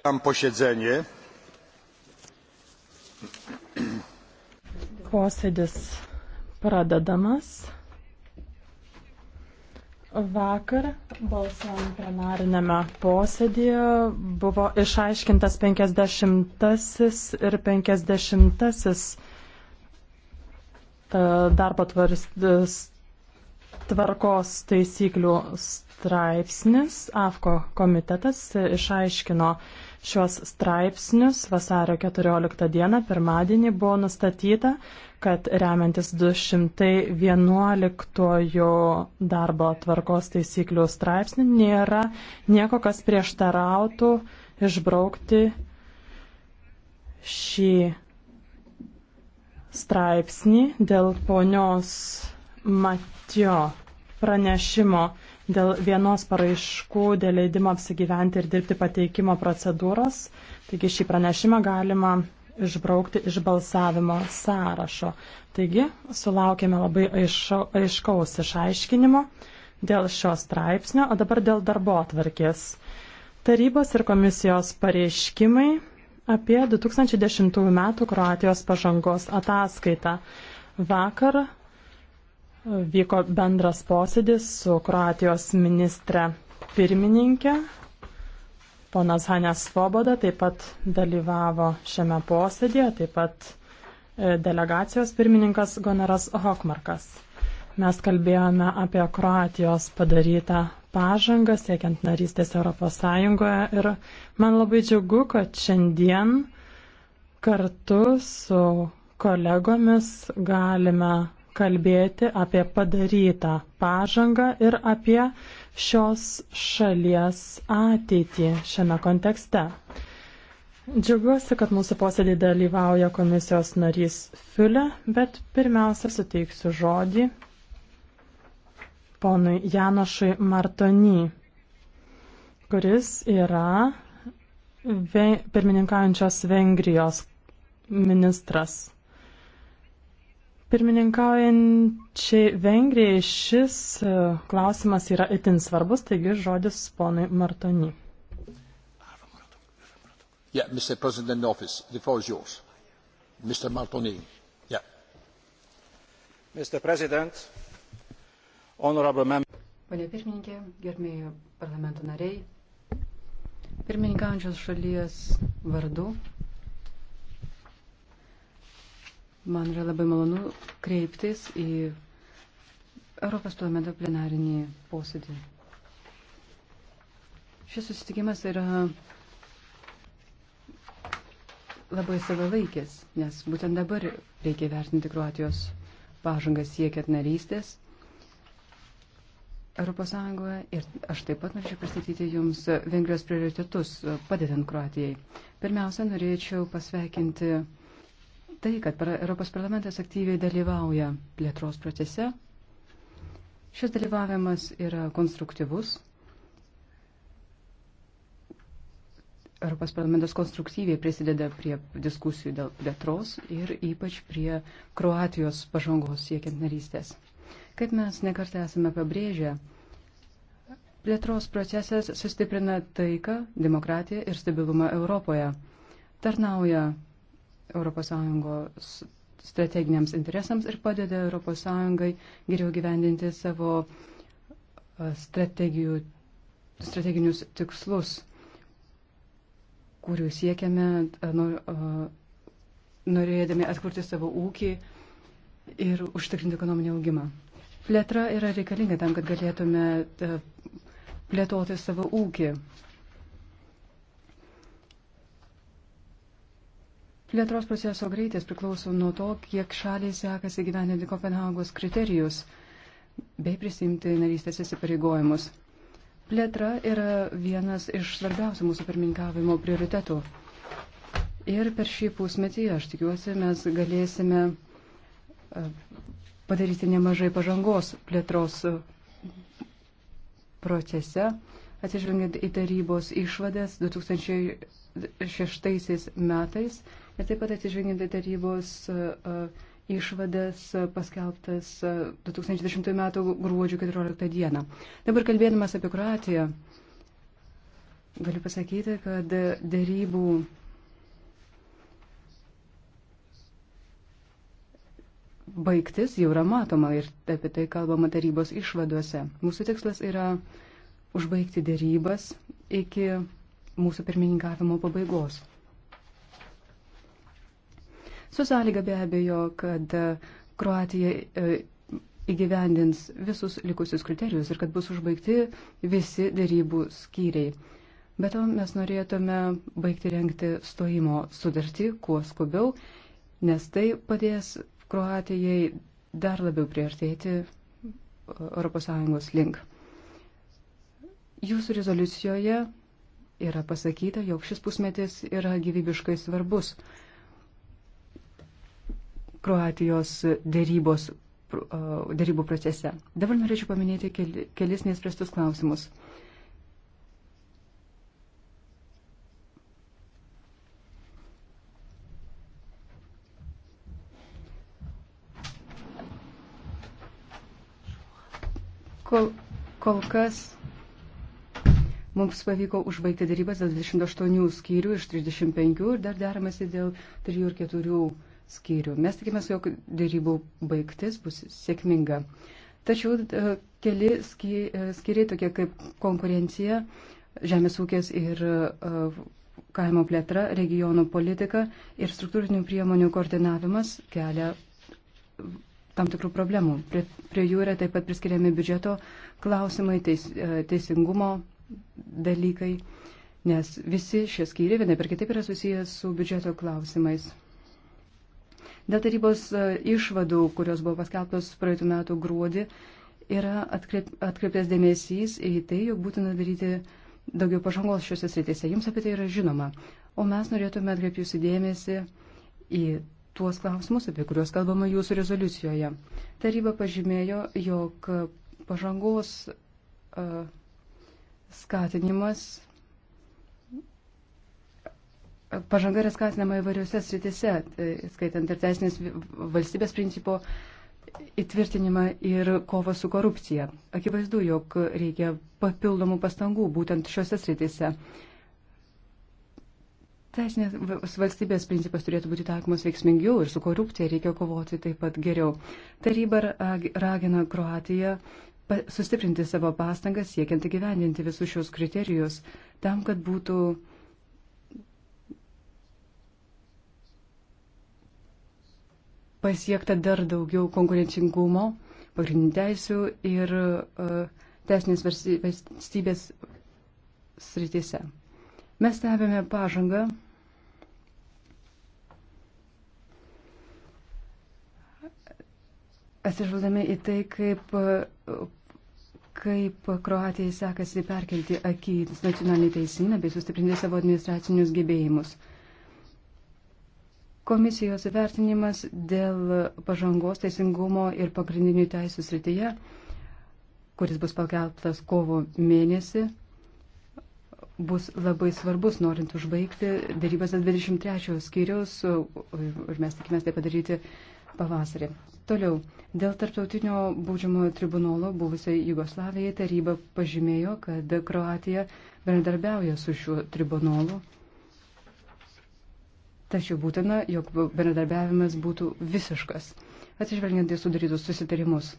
otwieram posiedzenie posėdis pradedamas vakar balsuojant plenariniame posėdyje buvo išaiškintas penkiasdešimtasis ir penkiasdešimtasis e, darbo e, tvarkos taisyklių straipsnis afko komitetas išaiškino šios straipsnius. Vasario 14 dieną, pirmadienį, buvo nustatyta, kad remiantis 211 darbo tvarkos taisyklių straipsnių nėra nieko, kas prieštarautų išbraukti šį straipsnį dėl ponios Matio pranešimo dėl vienos paraiškų, dėl leidimo apsigyventi ir dirbti pateikimo procedūros. Taigi šį pranešimą galima išbraukti iš balsavimo sąrašo. Taigi sulaukėme labai aiškaus išaiškinimo dėl šio straipsnio, o dabar dėl darbo atvarkės. Tarybos ir komisijos pareiškimai apie 2010 m. Kroatijos pažangos ataskaitą. Vakar vyko bendras posėdis su Kroatijos ministre pirmininkė. Ponas Hanės Svoboda taip pat dalyvavo šiame posėdėje, taip pat e, delegacijos pirmininkas Gonaras Hokmarkas. Mes kalbėjome apie Kroatijos padarytą pažangą siekiant narystės Europos Sąjungoje ir man labai džiugu, kad šiandien kartu su kolegomis galime kalbėti apie padarytą pažangą ir apie šios šalies ateitį šiame kontekste. Džiaugiuosi, kad mūsų posėdį dalyvauja komisijos narys Fiulė, bet pirmiausia suteiksiu žodį ponui Janošui Martony, kuris yra pirmininkaujančios Vengrijos ministras. Pirmininkaujančiai Vengrijai šis e, klausimas yra itin svarbus, taigi žodis ponui Martoni. Yeah, Mr. President Office, the floor is yours. Mr. Martoni. Yeah. Mr. President, honorable members. Pane pirmininkė, gerbėjai parlamento nariai, pirmininkaujančios šalies vardu Man yra labai malonu kreiptis į Europos parlamento plenarinį posėdį. Šis susitikimas yra labai savalaikis, nes būtent dabar reikia vertinti Kroatijos pažangą siekiant narystės ES. Ir aš taip pat norėčiau pristatyti Jums Vengrijos prioritetus, padedant Kroatijai. Pirmiausia, norėčiau pasveikinti tai, kad Europos parlamentas aktyviai dalyvauja plėtros procese. Šis dalyvavimas yra konstruktyvus. Europos parlamentas konstruktyviai prisideda prie diskusijų dėl plėtros ir ypač prie Kroatijos pažangos siekiant narystės. Kaip mes nekartą esame pabrėžę, Plėtros procesas sustiprina taiką, demokratiją ir stabilumą Europoje, tarnauja ES strateginiams interesams ir padeda ES geriau gyvendinti savo strateginius tikslus, kurių siekiame norėdami atkurti savo ūkį ir užtikrinti ekonominį augimą. Plėtra yra reikalinga tam, kad galėtume plėtoti savo ūkį. Plėtros proceso greitis priklauso nuo to, kiek šaliai sekasi gyveninti Kopenhagos kriterijus bei prisimti narystės įsipareigojimus. Plėtra yra vienas iš svarbiausių mūsų pirmininkavimo prioritetų. Ir per šį pusmetį, aš tikiuosi, mes galėsime e, padaryti nemažai pažangos plėtros e, procese, atsižvengiant į tarybos išvadas 2006 metais ir taip pat atsižvengiant į tarybos e, e, išvadas e, paskelbtas 2010 m. gruodžio 14 d. Dabar kalbėdamas apie Kroatiją, galiu pasakyti, kad darybų baigtis jau yra matoma ir apie tai kalbama tarybos išvaduose. Mūsų tikslas yra užbaigti darybas iki mūsų pirmininkavimo pabaigos su sąlyga be abejo, kad e, Kroatija e, įgyvendins visus likusius kriterijus ir kad bus užbaigti visi dėrybų skyriai. Be to mes norėtume baigti renkti stojimo sudartį kuo skubiau, nes tai padės Kroatijai dar labiau priartėti e, ES link. Jūsų rezoliucijoje yra pasakyta, jog šis pusmetis yra gyvybiškai svarbus Kroatijos dėrybos, dėrybų procese. Dabar norėčiau paminėti kelis neįspręstus klausimus. Kol, kol kas mums pavyko užbaigti darybas dėl 28 skyrių iš 35 ir dar deramasi dėl 3 ir 4 skyrių. Mes tikime, jog dėrybų baigtis bus sėkminga. Tačiau e, keli e, skyriai, tokie kaip konkurencija, žemės ūkės ir e, kaimo plėtra, regionų politika ir struktūrinių priemonių koordinavimas kelia tam tikrų problemų. Prie, prie jų yra taip pat priskiriami biudžeto klausimai, teis, teisingumo dalykai, nes visi šie skyriai vienai per kitaip yra susijęs su biudžeto klausimais. Dėl tarybos e, išvadų, kurios buvo paskelbtos praeitų metų gruodį, yra atkreip, atkreiptas dėmesys į tai, jog būtina daryti daugiau pažangos šiuose srityse. Jums apie tai yra žinoma. O mes norėtume atkreipti jūsų dėmesį į tuos klausimus, apie kuriuos kalbama jūsų rezoliucijoje. Taryba pažymėjo, jog pažangos uh, skatinimas Pažanga yra skatinama įvairiose sritise, e, skaitant ir teisinės valstybės principo įtvirtinimą ir kovą su korupcija. Akivaizdu, jog reikia papildomų pastangų būtent šiuose sritise. Teisinės valstybės principas turėtų būti taikomas veiksmingiau ir su korupcija reikia kovoti taip pat geriau. Taryba ragina Kroatiją sustiprinti savo pastangas siekiant įgyvendinti visus šios kriterijus tam, kad būtų pasiekta dar daugiau konkurencingumo, pagrindinių teisų ir uh, teisinės valstybės srityse. Mes stebėme pažangą. Atsižvaldami į tai, kaip, kaip Kroatijai sekasi perkelti akį nacionalinį teisyną bei sustiprinti savo administracinius gebėjimus. Komisijos vertinimas dėl pažangos teisingumo ir pagrindinių teisų srityje, kuris bus pakeltas kovo mėnesį, bus labai svarbus, norint užbaigti darybas dėl 23 skyriaus ir mes tikimės tai padaryti pavasarį. Toliau, dėl tarptautinio būdžiamojo tribunolo buvusiai Jugoslavijai taryba pažymėjo, kad Kroatija bendradarbiauja su šiuo tribunolu Tačiau būtina, jog bendradarbiavimas būtų visiškas, atsižvelgiant į sudarytus susitarimus.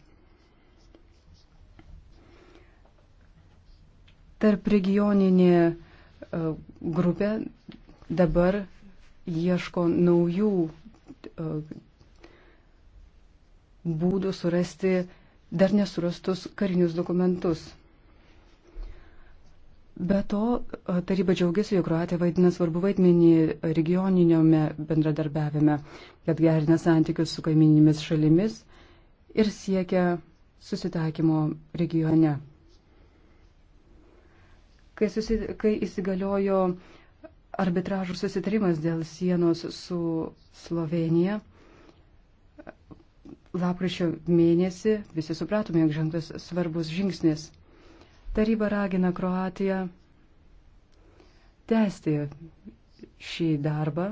Tarp regioninė e, grupė dabar ieško naujų e, būdų surasti dar nesurastus karinius dokumentus. Be to, taryba džiaugiasi, jog Kroatija vaidina svarbu vaidmenį regioniniame bendradarbiavime, kad gerina santykius su kaiminimis šalimis ir siekia susitaikymo regione. Kai, susi, kai įsigaliojo arbitražų susitarimas dėl sienos su Slovenija, lapkričio mėnesį visi supratome, jog žengtas svarbus žingsnis. Taryba ragina Kroatiją tęsti šį darbą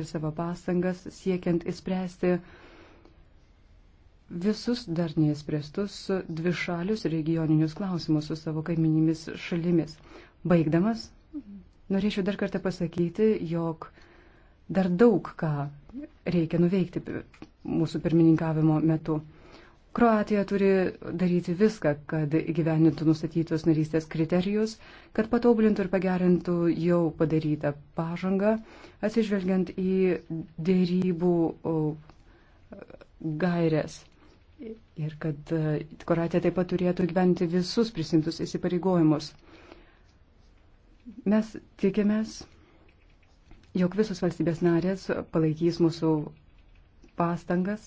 ir savo pastangas siekiant įspręsti visus dar neįspręstus dvišalius regioninius klausimus su savo kaiminimis šalimis. Baigdamas, norėčiau dar kartą pasakyti, jog dar daug ką reikia nuveikti mūsų pirmininkavimo metu. Kroatija turi daryti viską, kad įgyvenintų nustatytus narystės kriterijus, kad patobulintų ir pagerintų jau padarytą pažangą, atsižvelgiant į dėrybų gairias. Ir kad e, Kroatija taip pat turėtų gyventi visus prisimtus įsipareigojimus. Mes tikimės, jog visos valstybės narės palaikys mūsų pastangas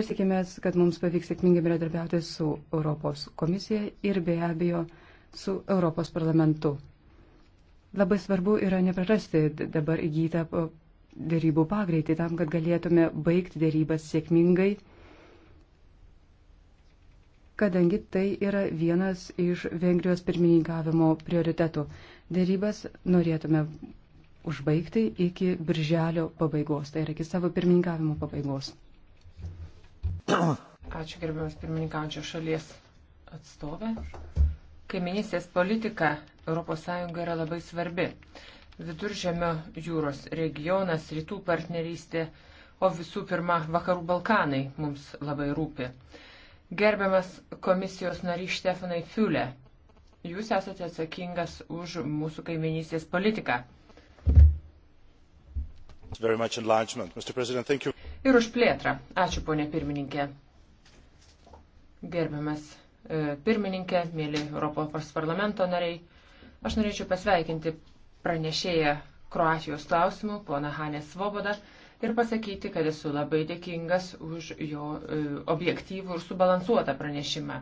ir tikimės, kad mums pavyks sėkmingai bendradarbiauti su Europos komisija ir be abejo su Europos parlamentu. Labai svarbu yra neprarasti dabar įgytą dėrybų pagreitį tam, kad galėtume baigti dėrybas sėkmingai, kadangi tai yra vienas iš Vengrijos pirmininkavimo prioritetų. Dėrybas norėtume užbaigti iki birželio pabaigos, tai yra iki savo pirmininkavimo pabaigos. Ačiū gerbiamas pirmininkaujančio šalies atstovė. Kaiminystės politika ES yra labai svarbi. Viduržėmio jūros regionas, rytų partnerystė, o visų pirma Vakarų Balkanai mums labai rūpi. Gerbiamas komisijos narys Štefanai Fiulė, jūs esate atsakingas už mūsų kaiminystės politiką ir už plėtrą. Ačiū, ponė pirmininkė. Gerbiamas e, pirmininkė, mėly Europos parlamento nariai, aš norėčiau pasveikinti pranešėją Kroatijos klausimų, poną Hanę Svobodą, ir pasakyti, kad esu labai dėkingas už jo e, objektyvų ir subalansuotą pranešimą.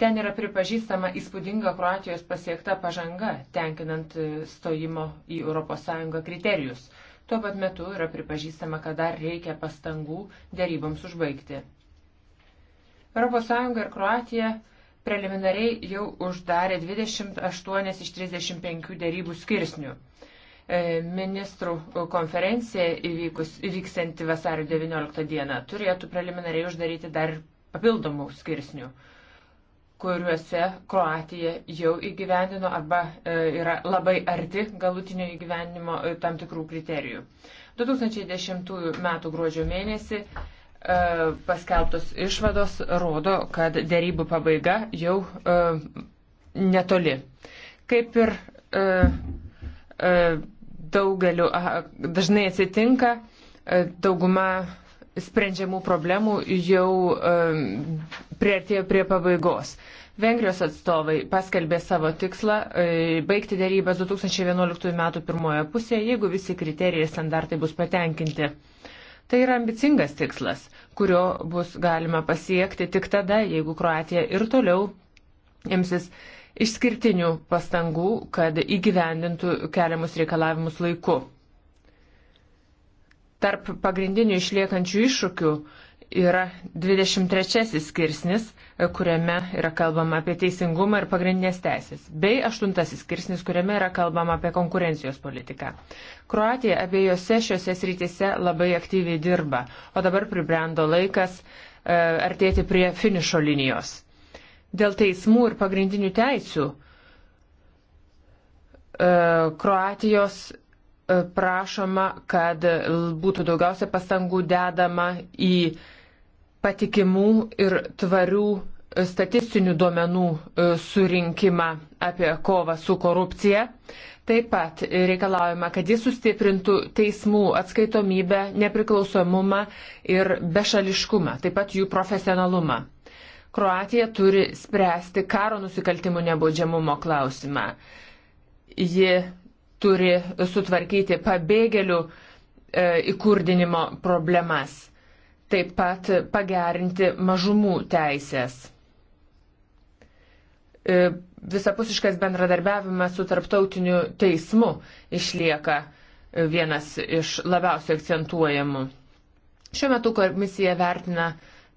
Ten yra pripažįstama įspūdinga Kroatijos pasiekta pažanga, tenkinant e, stojimo į ES kriterijus. Tuo pat metu yra pripažįstama, kad dar reikia pastangų dėryboms užbaigti. ES ir Kroatija preliminariai jau uždarė 28 iš 35 dėrybų skirsnių. E, ministrų konferencija įvykus, įvyksianti vasario 19 dieną turėtų preliminariai uždaryti dar papildomų skirsnių kuriuose Kroatija jau įgyvendino arba e, yra labai arti galutinio įgyvendinimo e, tam tikrų kriterijų. 2010 m. gruodžio mėnesį e, paskelbtos išvados rodo, kad dėrybų pabaiga jau netoli. Kaip ir daugeliu dažnai atsitinka, dauguma sprendžiamų problemų jau prieartėjo prie pabaigos. Vengrijos atstovai paskelbė savo tikslą e, baigti dėrybęs 2011 m. pirmoje pusėje, jeigu visi kriterijai ir standartai bus patenkinti. Tai yra ambicingas tikslas, kurio bus galima pasiekti tik tada, jeigu Kroatija ir toliau imsis išskirtinių pastangų, kad įgyvendintų keliamus reikalavimus laiku. Tarp pagrindinių išliekančių iššūkių yra 23 skirsnis, kuriame yra kalbama apie teisingumą ir pagrindinės teisės, bei 8 skirsnis, kuriame yra kalbama apie konkurencijos politiką. Kroatija abiejose šiuose srityse labai aktyviai dirba, o dabar pribrendo laikas e, artėti prie finišo linijos. Dėl teismų ir pagrindinių teisių e, Kroatijos E, prašoma, kad būtų daugiausia pastangų dedama į patikimų ir tvarių statistinių duomenų e, surinkimą apie kovą su korupcija. Taip pat reikalaujama, kad jis sustiprintų teismų atskaitomybę, nepriklausomumą ir bešališkumą, taip pat jų profesionalumą. Kroatija turi spręsti karo nusikaltimų nebaudžiamumo klausimą. Ji turi sutvarkyti pabėgėlių e, įkurdinimo problemas, taip pat pagerinti mažumų teisės. E, visapusiškas bendradarbiavimas su tarptautiniu teismu išlieka e, vienas iš labiausiai akcentuojamų. Šiuo metu komisija vertina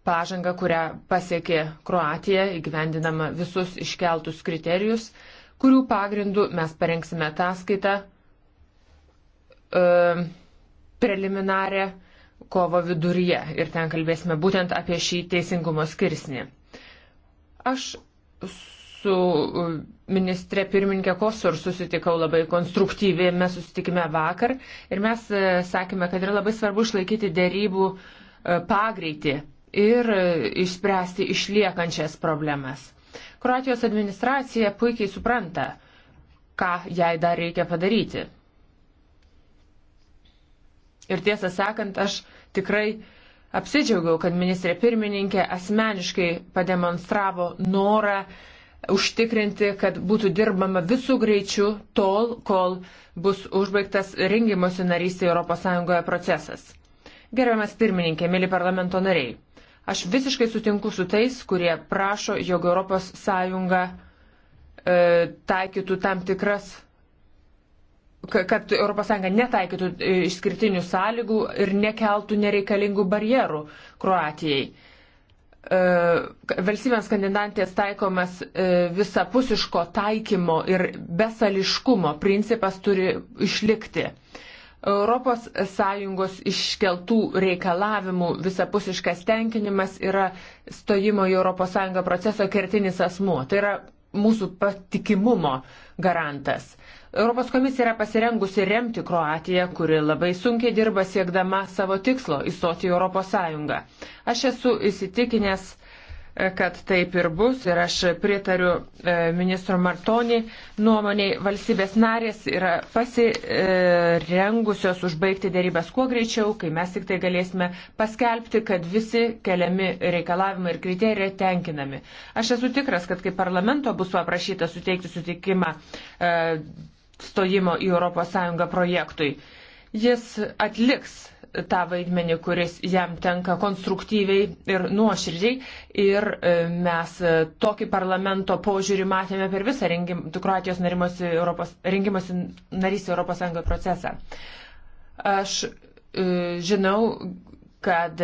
pažangą, kurią pasiekė Kroatija, įgyvendinama visus iškeltus kriterijus kurių pagrindų mes parengsime ataskaitą e, preliminarę kovo viduryje ir ten kalbėsime būtent apie šį teisingumo skirsnį. Aš su ministrė pirmininkė Kosur susitikau labai konstruktyviai, mes susitikime vakar ir mes e, sakėme, kad yra labai svarbu išlaikyti dėrybų e, pagreitį ir e, išspręsti išliekančias problemas. Kroatijos administracija puikiai supranta, ką jai dar reikia padaryti. Ir tiesą sakant, aš tikrai apsidžiaugiau, kad ministrė pirmininkė asmeniškai pademonstravo norą užtikrinti, kad būtų dirbama visų greičių tol, kol bus užbaigtas rengimosi narystė ES procesas. Gerbiamas pirmininkė, mėly parlamento nariai. Aš visiškai sutinku su tais, kurie prašo, jog ES e, taikytų tam tikras kad ES netaikytų e, išskirtinių sąlygų ir nekeltų nereikalingų barjerų Kroatijai. E, valstybėms kandidatės taikomas e, visapusiško taikymo ir besališkumo principas turi išlikti. ES iškeltų reikalavimų visapusiškas tenkinimas yra stojimo į ES proceso kertinis asmuo. Tai yra mūsų patikimumo garantas. Europos komisija yra pasirengusi remti Kroatiją, kuri labai sunkiai dirba siekdama savo tikslo įstoti į ES. Aš esu įsitikinęs, kad taip ir bus ir aš pritariu e, ministro Martonį nuomoniai, valstybės narės yra pasirengusios užbaigti dėrybęs kuo greičiau, kai mes tik tai galėsime paskelbti, kad visi keliami reikalavimai ir kriterijai tenkinami. Aš esu tikras, kad kai parlamento bus paprašyta suteikti sutikimą e, stojimo į ES projektui, jis atliks tą vaidmenį, kuris jam tenka konstruktyviai ir nuoširdžiai. Ir e, mes e, tokį parlamento požiūrį matėme per visą rengim, Kroatijos rengimosi narys Europos Sąjungoje procesą. Aš e, žinau, kad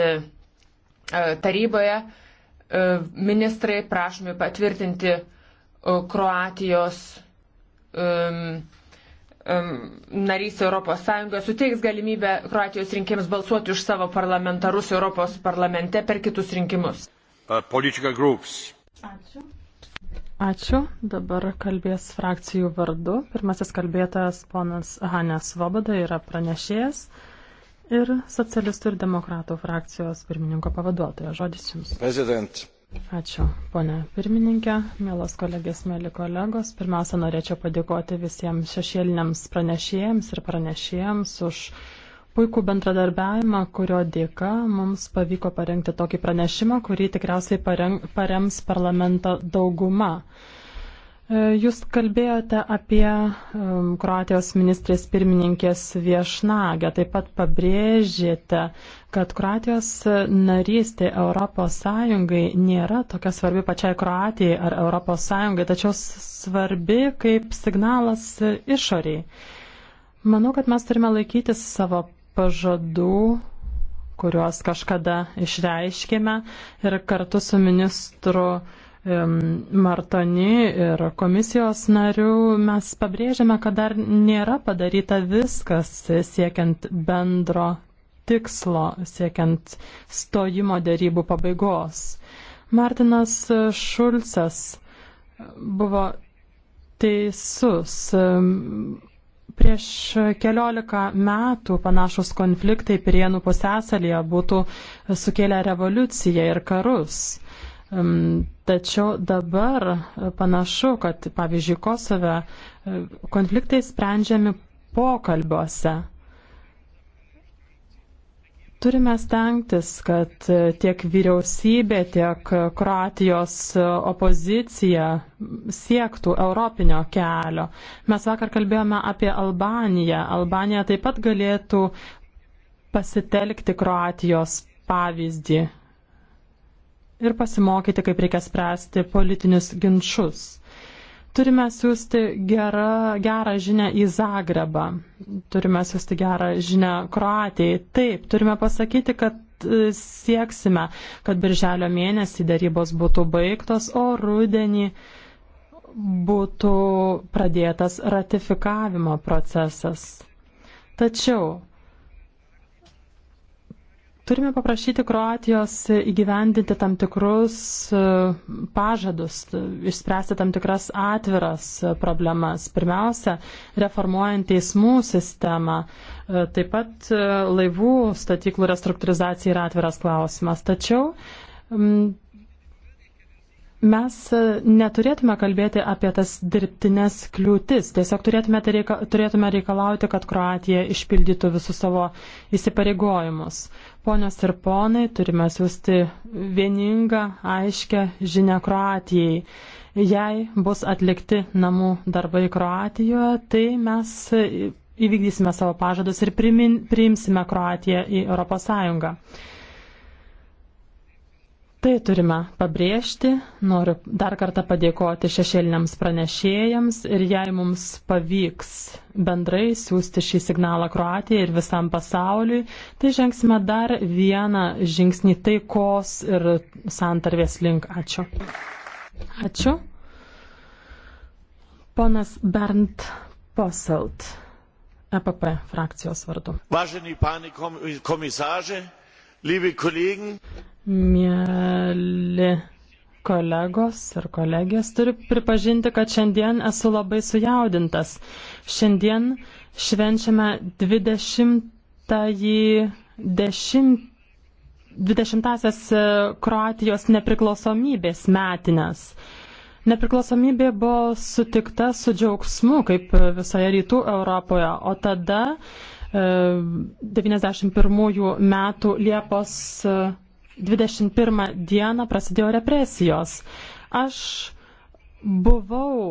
taryboje ministrai prašomi patvirtinti Kroatijos um, narys Europos Sąjungoje suteiks galimybę Kroatijos rinkėjams balsuoti už savo parlamentarus Europos parlamente per kitus rinkimus. Uh, Ačiū. Ačiū. Dabar kalbės frakcijų vardu. Pirmasis kalbėtojas ponas Hanės Svoboda yra pranešėjas ir socialistų ir demokratų frakcijos pirmininko pavaduotoja. Žodis jums. President. Ačiū, ponė pirmininkė, mielos kolegės, mėly kolegos. Pirmiausia, norėčiau padėkoti visiems šešėliniams pranešėjams ir pranešėjams už puikų bendradarbiavimą, kurio dėka mums pavyko parengti tokį pranešimą, kurį tikriausiai parems parlamento dauguma. E, jūs kalbėjote apie e, Kroatijos ministrės pirmininkės viešnagę, taip pat pabrėžėte, kad Kroatijos narystė Europos Sąjungai nėra tokia svarbi pačiai Kroatijai ar Europos Sąjungai, tačiau svarbi kaip signalas išoriai. Manau, kad mes turime laikytis savo pažadų kuriuos kažkada išreiškėme ir kartu su ministru uh, Martoni ir komisijos narių mes pabrėžiame, kad dar nėra padaryta viskas siekiant bendro tikslo, siekiant stojimo dėrybų pabaigos. Martinas Šulcas buvo teisus. Prieš keliolika metų panašus konfliktai Pirienų pusėsalyje būtų sukėlę revoliuciją ir karus Tačiau dabar panašu, kad pavyzdžiui Kosove e, konfliktai sprendžiami pokalbiuose. Turime stengtis, kad e, tiek vyriausybė, tiek Kroatijos opozicija siektų europinio kelio. Mes vakar kalbėjome apie Albaniją. Albanija taip pat galėtų pasitelkti Kroatijos pavyzdį ir pasimokyti, kaip reikia spręsti politinius ginčius. Turime siūsti gerą, gerą žinę į Zagrebą, turime siūsti gerą žinę Kroatijai. Taip, turime pasakyti, kad e, sieksime, kad birželio mėnesį darybos būtų baigtos, o rudenį būtų pradėtas ratifikavimo procesas. Tačiau Turime paprašyti Kroatijos įgyvendinti tam tikrus e, pažadus, išspręsti tam tikras atviras e, problemas. Pirmiausia, reformuojant teismų sistemą. E, taip pat laivų statyklų restruktūrizacija yra atviras klausimas. Tačiau mes neturėtume kalbėti apie tas dirbtinės kliūtis. Tiesiog turėtume, turėtume reikalauti, kad Kroatija išpildytų visus savo įsipareigojimus. Ponios ir ponai, turime siūsti vieningą, aiškę žinę Kroatijai. Jei bus atlikti namų darbai Kroatijoje, tai mes įvykdysime savo pažadus ir primin, priimsime Kroatiją į ES. Tai turime pabrėžti. Noriu dar kartą padėkoti šešėliniams pranešėjams ir jei mums pavyks bendrai siūsti šį signalą Kroatijai ir visam pasauliui, tai žengsime dar vieną žingsnį taikos ir santarvės link. Ačiū. Ačiū. Ponas Bernd Poselt, EPP frakcijos vardu. Vážený páni komisáže, Mėly kolegos ir kolegės, turiu pripažinti, kad šiandien esu labai sujaudintas. Šiandien švenčiame 20-ąjį dešimt. 20-asias e, Kroatijos nepriklausomybės metinės. Nepriklausomybė buvo sutikta su džiaugsmu, kaip visoje rytų Europoje, o tada uh, 91 e, metų Liepos 21 e, dieną prasidėjo represijos. Aš buvau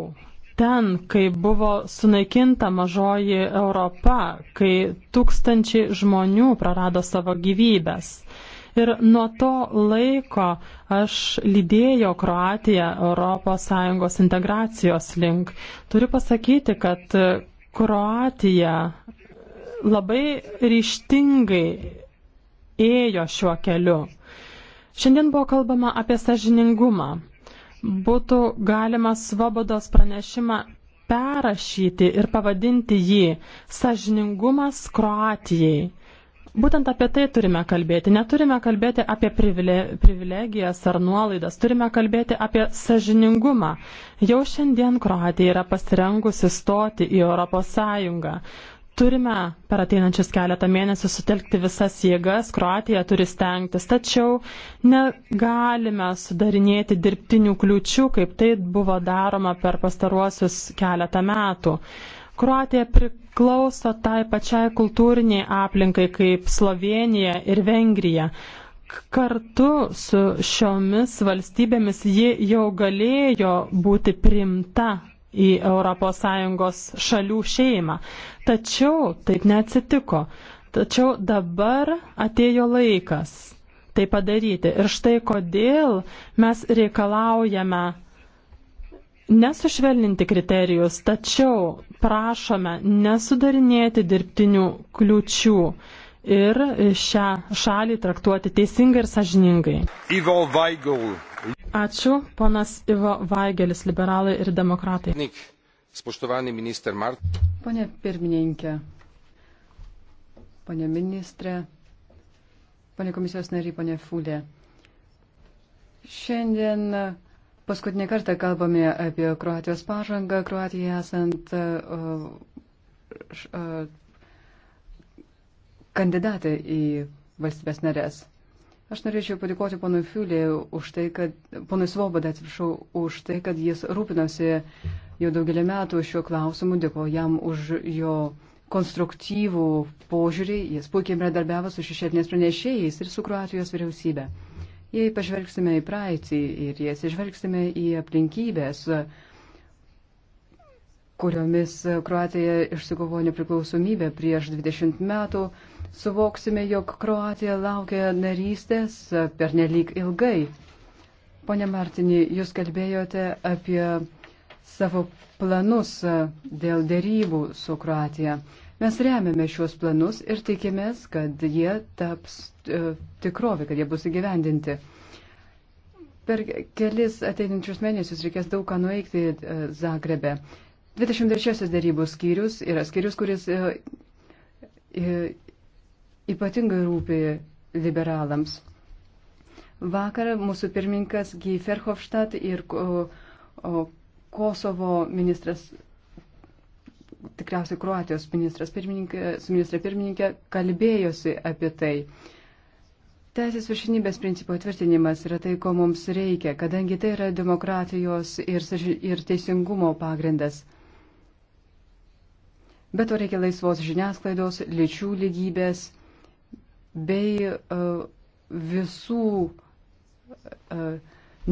ten, kai buvo sunaikinta mažoji Europa, kai tūkstančiai žmonių prarado savo gyvybės. Ir nuo to laiko aš lydėjau Kroatiją ES integracijos link. Turiu pasakyti, kad Kroatija labai ryštingai ėjo šiuo keliu. Šiandien buvo kalbama apie sažiningumą. Būtų galima svobodos pranešimą perrašyti ir pavadinti jį sažiningumas Kroatijai. Būtent apie tai turime kalbėti. Neturime kalbėti apie privilegijas ar nuolaidas, turime kalbėti apie sažiningumą. Jau šiandien Kroatija yra pasirengusi stoti į ES. Turime per ateinančius keletą mėnesių sutelkti visas jėgas, Kroatija turi stengtis, tačiau negalime sudarinėti dirbtinių kliučių, kaip tai buvo daroma per pastaruosius keletą metų. Kroatija priklauso tai pačiai kultūriniai aplinkai kaip Slovenija ir Vengrija. Kartu su šiomis valstybėmis ji jau galėjo būti primta į ES šalių šeimą. Tačiau taip neatsitiko. Tačiau dabar atėjo laikas tai padaryti. Ir štai kodėl mes reikalaujame nesušvelninti kriterijus, tačiau prašome nesudarinėti dirbtinių kliučių ir šią šalį traktuoti teisingai ir sažiningai. Ivo Vaigul, Ačiū, ponas Ivo Vaigelis, liberalai ir demokratai. Nik, spoštovani minister Mart. Pone pirmininkė, pone ministrė, pone komisijos nariai, pone Fulė. Šiandien paskutinį kartą kalbame apie Kroatijos pažangą, Kroatijai esant uh, uh, kandidatė į valstybės narės. Aš norėčiau padėkoti ponui Fiulė už tai, kad, ponui Svobodai atsiprašau, už tai, kad jis rūpinosi jau daugelį metų šiuo klausimu, dėkoju jam už jo konstruktyvų požiūrį, jis puikiai bendradarbiavo su šešėlinės pranešėjais ir su Kroatijos vyriausybė. Jei pažvelgsime į praeitį ir jas išvelgsime į aplinkybės, kuriomis Kroatija išsikovo nepriklausomybę prieš 20 metų, suvoksime, jog Kroatija laukia narystės per nelik ilgai. Pone Martinį, jūs kalbėjote apie savo planus dėl dėrybų su Kroatija. Mes remiame šiuos planus ir tikimės, kad jie taps e, tikrovė, kad jie bus įgyvendinti. Per kelis ateinančius mėnesius reikės daug ką nuveikti e, Zagrebe. 23 darybos skyrius yra skyrius, kuris e, e, ypatingai rūpi liberalams. Vakar mūsų pirmininkas G. Ferhofstadt ir Kosovo ministras, tikriausiai Kroatijos ministras pirmininkė, su ministra pirmininkė kalbėjosi apie tai. Teisės viršinybės principo tvirtinimas yra tai, ko mums reikia, kadangi tai yra demokratijos ir, ir teisingumo pagrindas. Bet to reikia laisvos žiniasklaidos, lyčių lygybės bei uh, visų uh,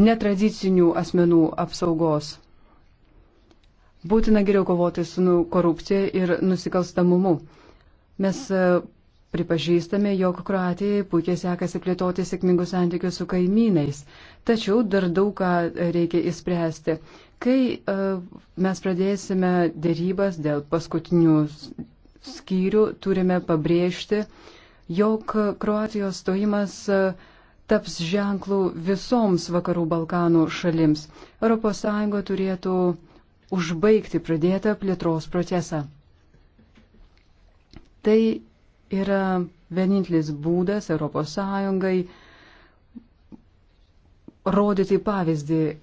netradicinių asmenų apsaugos. Būtina geriau kovoti su nu, korupcija ir nusikalstamumu. Mes uh, Pripažįstame, jog Kroatijai puikiai sekasi plėtoti sėkmingus santykius su kaimynais, tačiau dar daug ką reikia įspręsti. Kai uh, mes pradėsime dėrybas dėl paskutinių skyrių, turime pabrėžti, jog Kroatijos stojimas uh, taps ženklų visoms vakarų Balkanų šalims. ES turėtų užbaigti pradėtą plėtros procesą. Tai yra vienintelis būdas ES rodyti pavyzdį e,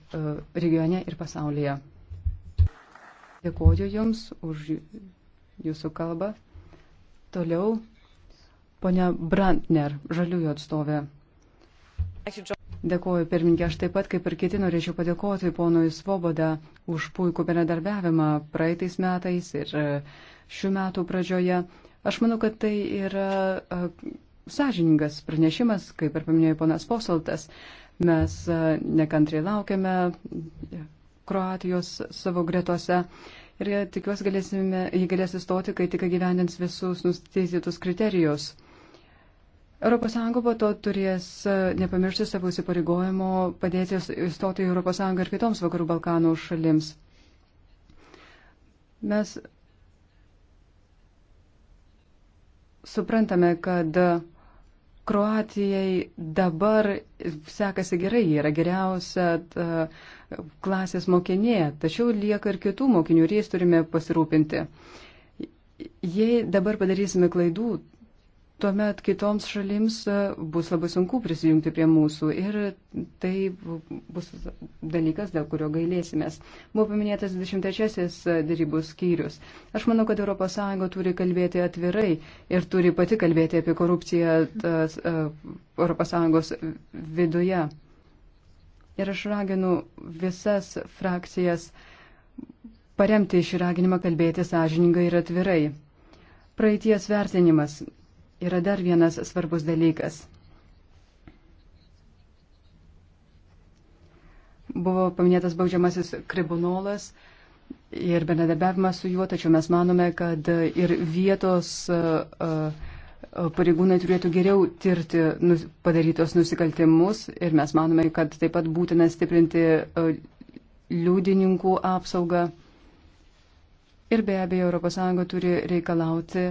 regione ir pasaulyje. Dėkuoju Jums už Jūsų kalbą. Toliau ponia Brandner, žaliųjų atstovė. Dėkuoju pirmininkė, aš taip pat kaip ir kiti norėčiau padėkoti ponui Svoboda už puikų bendradarbiavimą praeitais metais ir e, šių metų pradžioje. Aš manau, kad tai yra sąžiningas pranešimas, kaip ir paminėjo ponas Posaltas. Mes nekantriai laukiame Kroatijos savo gretose ir tikiuosi galėsime, jį galės įstoti, kai tik gyvenins visus nustatytus kriterijus. ES po to turės nepamiršti savo įsipareigojimo padėti įstoti į ES ir kitoms vakarų Balkanų šalims. Mes suprantame, kad Kroatijai dabar sekasi gerai, jie yra geriausia klasės mokinė, tačiau lieka ir kitų mokinių ir jais turime pasirūpinti. Jei dabar padarysime klaidų, tuomet kitoms šalims e, bus labai sunku prisijungti prie mūsų ir tai bus dalykas, dėl kurio gailėsimės. Buvo paminėtas 23-asis e, dėrybų skyrius. Aš manau, kad ES turi kalbėti atvirai ir turi pati kalbėti apie korupciją ES e, viduje. Ir aš raginu visas frakcijas paremti šį raginimą kalbėti sąžiningai ir atvirai. Praeities vertinimas yra dar vienas svarbus dalykas. Buvo paminėtas baudžiamasis kribunolas ir bendradarbiavimas su juo, tačiau mes manome, kad ir vietos pareigūnai turėtų geriau tirti nu, padarytos nusikaltimus ir mes manome, kad taip pat būtina stiprinti liudininkų apsaugą. Ir be abejo, ES turi reikalauti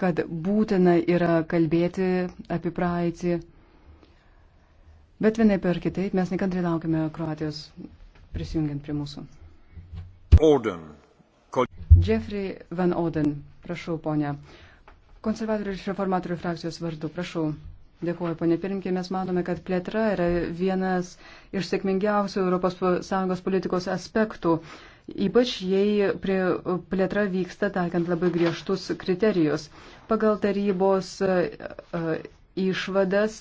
kad būtina yra kalbėti apie praeitį. Bet vienai per kitaip mes nekantriai laukime Kroatijos prisijungiant prie mūsų. Orden. Ko... Jeffrey Van Oden, prašau, ponia. Konservatorių ir reformatorių frakcijos vardu, prašau. Dėkuoju, ponė Pirinkė, mes matome, kad plėtra yra vienas iš sėkmingiausių ES politikos aspektų. Uh, Ypač jei prie plėtra vyksta taikant labai griežtus kriterijus. Pagal tarybos e, e, išvadas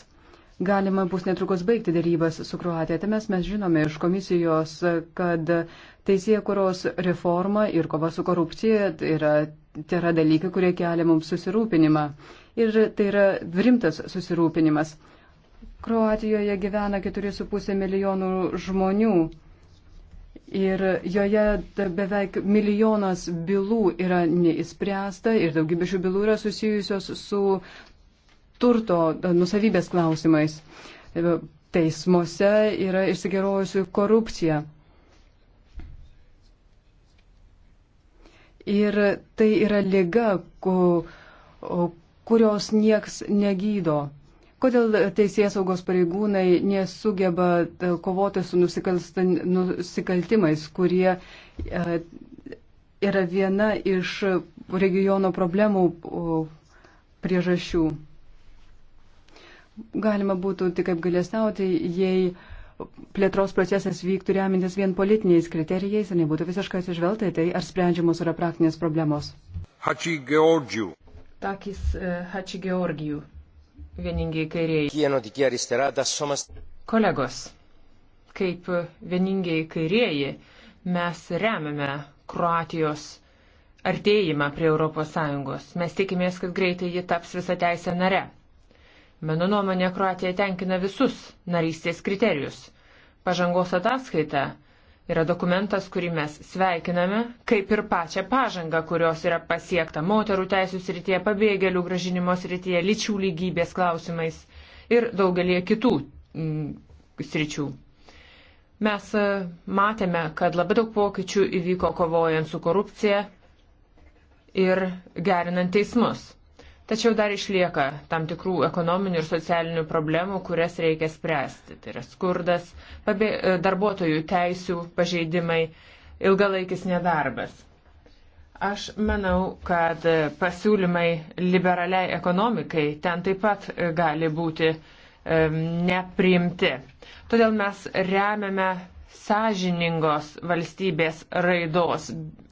galima bus netrukus baigti darybas su Kruatija. Tai mes, mes žinome iš komisijos, kad teisėkuros reforma ir kova su korupcija tai yra, tai yra dalykai, kurie kelia mums susirūpinimą. Ir tai yra rimtas susirūpinimas. Kroatijoje gyvena 4,5 milijonų žmonių. Ir joje beveik milijonas bylų yra neįspręsta ir daugybė šių bylų yra susijusios su turto nusavybės klausimais. E, teismuose yra išsigerojusi korupcija. Ir tai yra lyga, kurios nieks negydo. Kodėl teisės saugos pareigūnai nesugeba e, kovoti su nusikaltimais, kurie e, yra viena iš regiono problemų priežasčių? Galima būtų tik apgalėsnauti, jei plėtros procesas vyktų remintis vien politiniais kriterijais ir nebūtų visiškai atsižvelgta į tai, ar sprendžiamos yra praktinės problemos. Hači Georgijų. Takis uh, Hači Georgijų vieningiai kairieji. Kolegos, kaip vieningiai kairieji mes remiame Kroatijos artėjimą prie ES. Mes tikimės, kad greitai ji taps visą teisę nare. Mano nuomonė, Kroatija tenkina visus narystės kriterijus. Pažangos ataskaita yra dokumentas, kurį mes sveikiname, kaip ir pačią pažangą, kurios yra pasiekta moterų teisų srityje, pabėgėlių gražinimo srityje, lyčių lygybės klausimais ir daugelie kitų m, mm, sričių. Mes e, matėme, kad labai daug pokyčių įvyko kovojant su korupcija ir gerinant teismus. Tačiau dar išlieka tam tikrų ekonominių ir socialinių problemų, kurias reikia spręsti. Tai yra skurdas, pabė, e, darbuotojų teisių pažeidimai, ilgalaikis nedarbas. Aš manau, kad e, pasiūlymai liberaliai ekonomikai ten taip pat e, gali būti nepriimti. Todėl mes remiame sąžiningos valstybės raidos,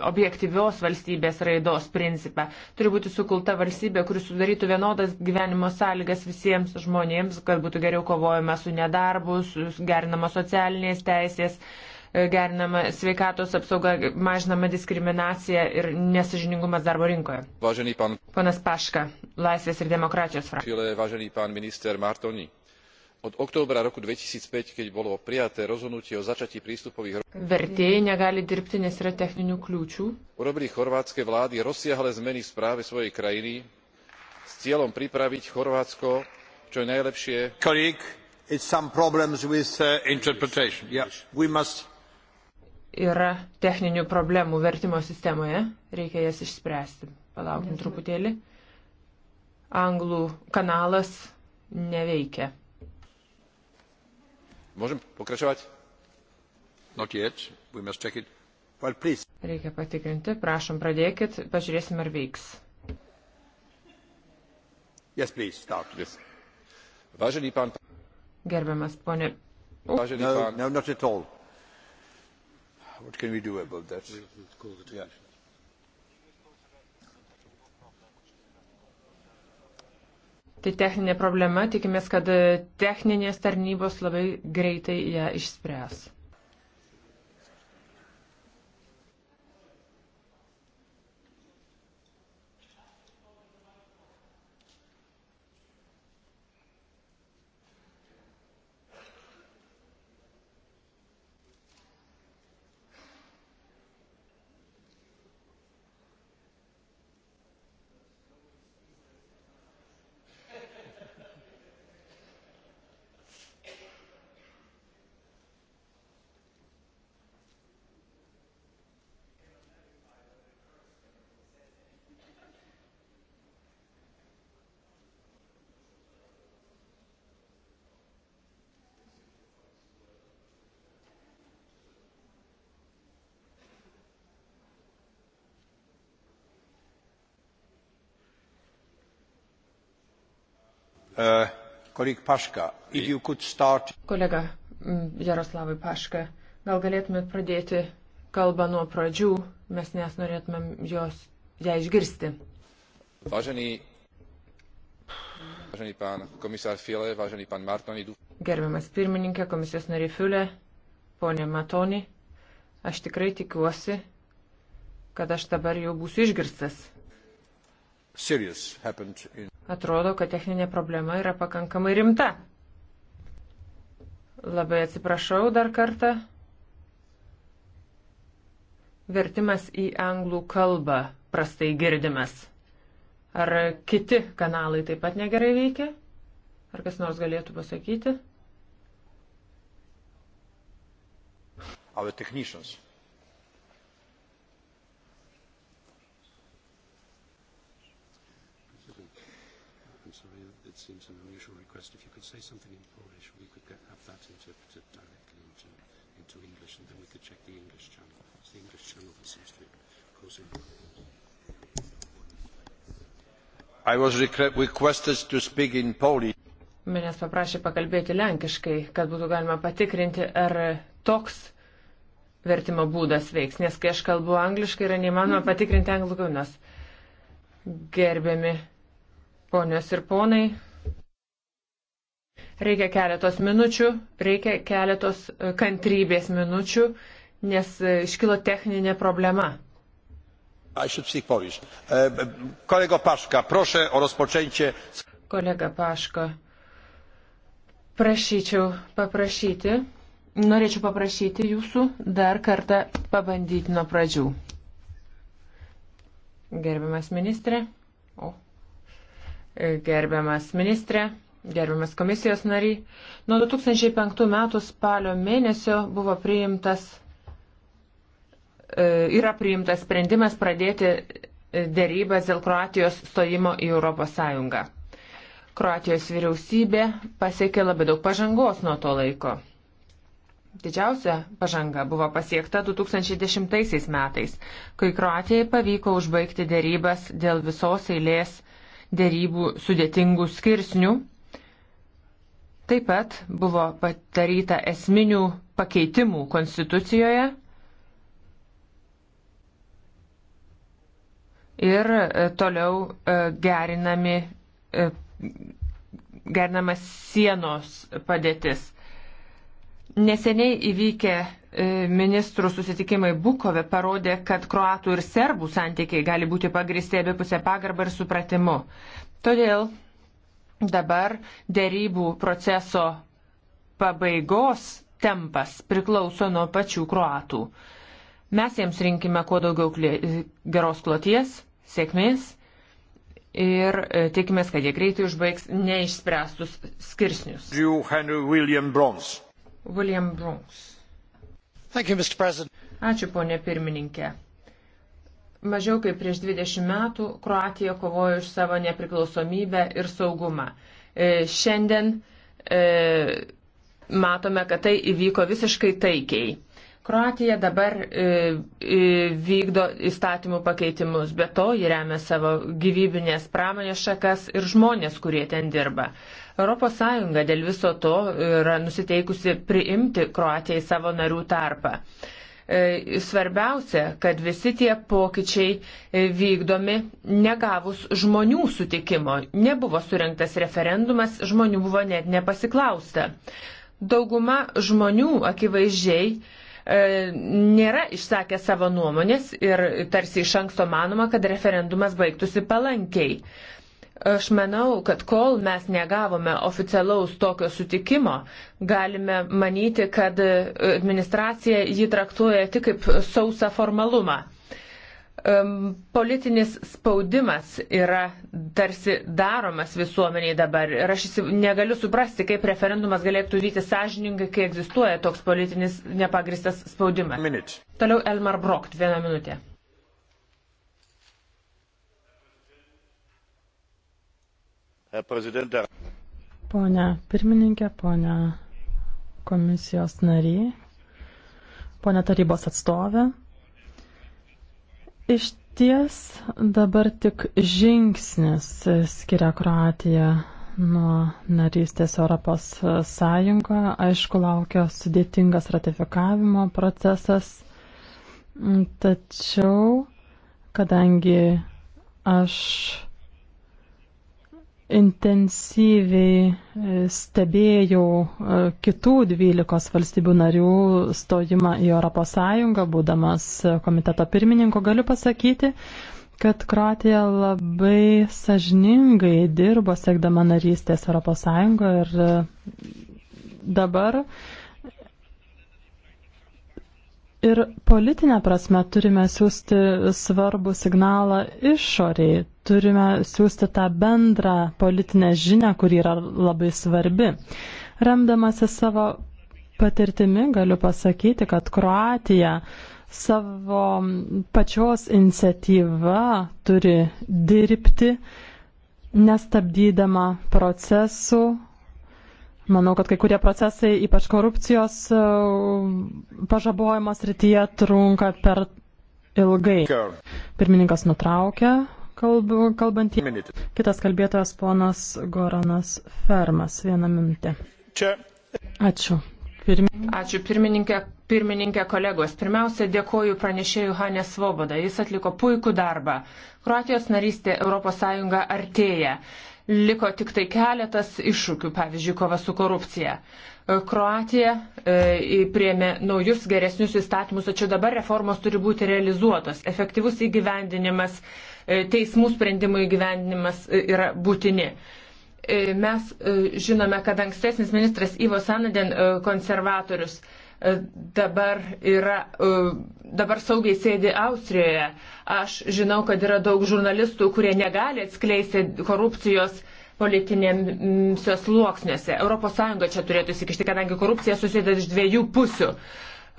objektyvios valstybės raidos principą. Turi būti sukulta valstybė, kuris sudarytų vienodas gyvenimo sąlygas visiems žmonėms, kad būtų geriau kovojama su nedarbu, gerinama socialinės teisės, e, gerinama sveikatos apsauga, mažinama diskriminacija ir nesažiningumas darbo rinkoje. Pan... Ponas Paška, Laisvės ir demokratijos frakcija od októbra roku two thousand and five keď bolo prijaté rozhodnutie o začatí prístupových Vertėjai negali dirbti, nes yra techninių kliūčių. Urobili chorvátske vlády rozsiahle zmeny v správe svojej krajiny s cieľom pripraviť Chorvátsko čo najlepšie. Colleague, it's some problems with uh, interpretation. Yeah, we must yra techninių problemų vertimo sistemoje, reikia jas išspręsti. Palaukim truputėlį. Anglų kanalas neveikia. Môžem pokračovať? Not yet. We must check it. Well, please. Reikia patikrinti. Prašom, pradėkit. Pažiūrėsim, ar veiks. Yes, please, start. Yes. Vážený pán... Gerbiamas ponė. Vážený no, pán... No, not at all. What can we do about that? We'll call the yeah. Tai techninė problema, tikimės, kad techninės tarnybos labai greitai ją išspręs. Uh, Paška, start... Kolega mm, Jaroslavai Paška, gal galėtumėt pradėti kalbą nuo pradžių, mes nes norėtumėm jos, ją išgirsti. Vážený, vážený pán komisár Fiele, vážený pán Martoni. Gerbiamas pirmininkė, komisijos nariai Fiule, ponė Matoni, aš tikrai tikiuosi, kad aš dabar jau būsiu išgirstas. Atrodo, kad techninė problema yra pakankamai rimta. Labai atsiprašau dar kartą. Vertimas į anglų kalbą prastai girdimas. Ar kiti kanalai taip pat negerai veikia? Ar kas nors galėtų pasakyti? Our technicians. into Malaysian request, if you could say something in Polish, we could get, have that interpreted directly into, into English, and then we could check the English channel. It's the English channel that seems to be causing I was requested to speak in Polish. Manęs paprašė pakalbėti lenkiškai, kad būtų galima patikrinti, ar toks vertimo būdas veiks, nes kai aš kalbu angliškai, yra neįmanoma patikrinti anglų kalbos. Gerbiami ponios ir ponai, Reikia keletos minučių, reikia keletos e, kantrybės minučių, nes e, iškilo techninė problema. E, kolego Paška, prošę o rozpočęcie. Kolega Paška, prašyčiau paprašyti, norėčiau paprašyti jūsų dar kartą pabandyti nuo pradžių. Gerbiamas ministrė. O. Gerbiamas ministrė gerbiamas komisijos nariai. Nuo 2005 metų spalio mėnesio buvo priimtas, e, yra priimtas sprendimas pradėti e, dėrybas dėl Kroatijos stojimo į Europos Sąjungą. Kroatijos vyriausybė pasiekė labai daug pažangos nuo to laiko. Didžiausia pažanga buvo pasiekta 2010 metais, kai Kroatijai pavyko užbaigti dėrybas dėl visos eilės dėrybų sudėtingų skirsnių Taip pat buvo padaryta esminių pakeitimų konstitucijoje ir e, toliau e, gerinami, e, gerinamas sienos padėtis. Neseniai įvykę ministrų susitikimai Bukove parodė, kad kroatų ir serbų santykiai gali būti pagristi abipusę pagarbą ir supratimu. Todėl Dabar dėrybų proceso pabaigos tempas priklauso nuo pačių kruatų. Mes jiems rinkime kuo daugiau geros kloties, sėkmės ir e, tikimės, kad jie greitai užbaigs neišspręstus skirsnius. William Brons. William Brons. You, Ačiū, ponė pirmininkė. Mažiau kaip prieš 20 metų Kroatija kovojo už savo nepriklausomybę ir saugumą. E, šiandien e, matome, kad tai įvyko visiškai taikiai. Kroatija dabar e, vykdo įstatymų pakeitimus, bet to jį remia savo gyvybinės pramonės šakas ir žmonės, kurie ten dirba. ES dėl viso to yra nusiteikusi priimti Kroatiją į savo narių tarpą. E, svarbiausia, kad visi tie pokyčiai e, vykdomi negavus žmonių sutikimo. Nebuvo surinktas referendumas, žmonių buvo net nepasiklausta. Dauguma žmonių akivaizdžiai e, nėra išsakę savo nuomonės ir tarsi iš anksto manoma, kad referendumas baigtųsi palankiai. Aš manau, kad kol mes negavome oficialaus tokio sutikimo, galime manyti, kad e, administracija jį traktuoja tik kaip sausą formalumą. Politinis spaudimas yra tarsi daromas visuomeniai dabar ir aš negaliu suprasti, kaip referendumas galėtų vykti sąžiningai, kai egzistuoja toks politinis nepagristas spaudimas. Minute. Toliau Elmar Brokt, vieną minutę. Pone pirmininkė, pone komisijos nariai, pone tarybos atstovė. Iš ties dabar tik žingsnis skiria Kroatiją nuo narystės Europos Sąjungoje. Aišku, laukia sudėtingas ratifikavimo procesas, tačiau kadangi aš intensyviai e, stebėjau e, kitų 12 valstybių narių stojimą į ES, būdamas komiteto pirmininko, galiu pasakyti, kad Kroatija labai sažiningai dirbo siekdama narystės ES ir e, dabar ir politinė prasme turime siūsti svarbų signalą išoriai turime siūsti tą bendrą politinę žinę, kuri yra labai svarbi. Remdamasi savo patirtimi galiu pasakyti, kad Kroatija savo pačios iniciatyva turi dirbti, nestabdydama procesų. Manau, kad kai kurie procesai, ypač korupcijos pažabojimo srityje, trunka per ilgai. Pirmininkas nutraukia kalb, kalbantį. Kitas kalbėtojas ponas Goranas Fermas. Vieną minutę. Čia. Ačiū. Pirmin... Ačiū pirmininkė, pirmininkė kolegos. Pirmiausia, dėkoju pranešėjų Hanė Svoboda. Jis atliko puikų darbą. Kroatijos narystė ES artėja. Liko tik tai keletas iššūkių, pavyzdžiui, kova su korupcija. Kroatija e, priėmė naujus geresnius įstatymus, tačiau dabar reformos turi būti realizuotos. Efektyvus įgyvendinimas e, E, teismų sprendimų įgyvendinimas e, yra būtini. E, mes žinome, kad ankstesnis ministras Ivo Sanaden konservatorius dabar, yra, dabar saugiai sėdi Austrijoje. Aš žinau, kad yra daug žurnalistų, kurie negali atskleisti korupcijos politinėmsios sluoksniuose. ES čia turėtų įsikišti, kadangi korupcija susideda iš dviejų pusių.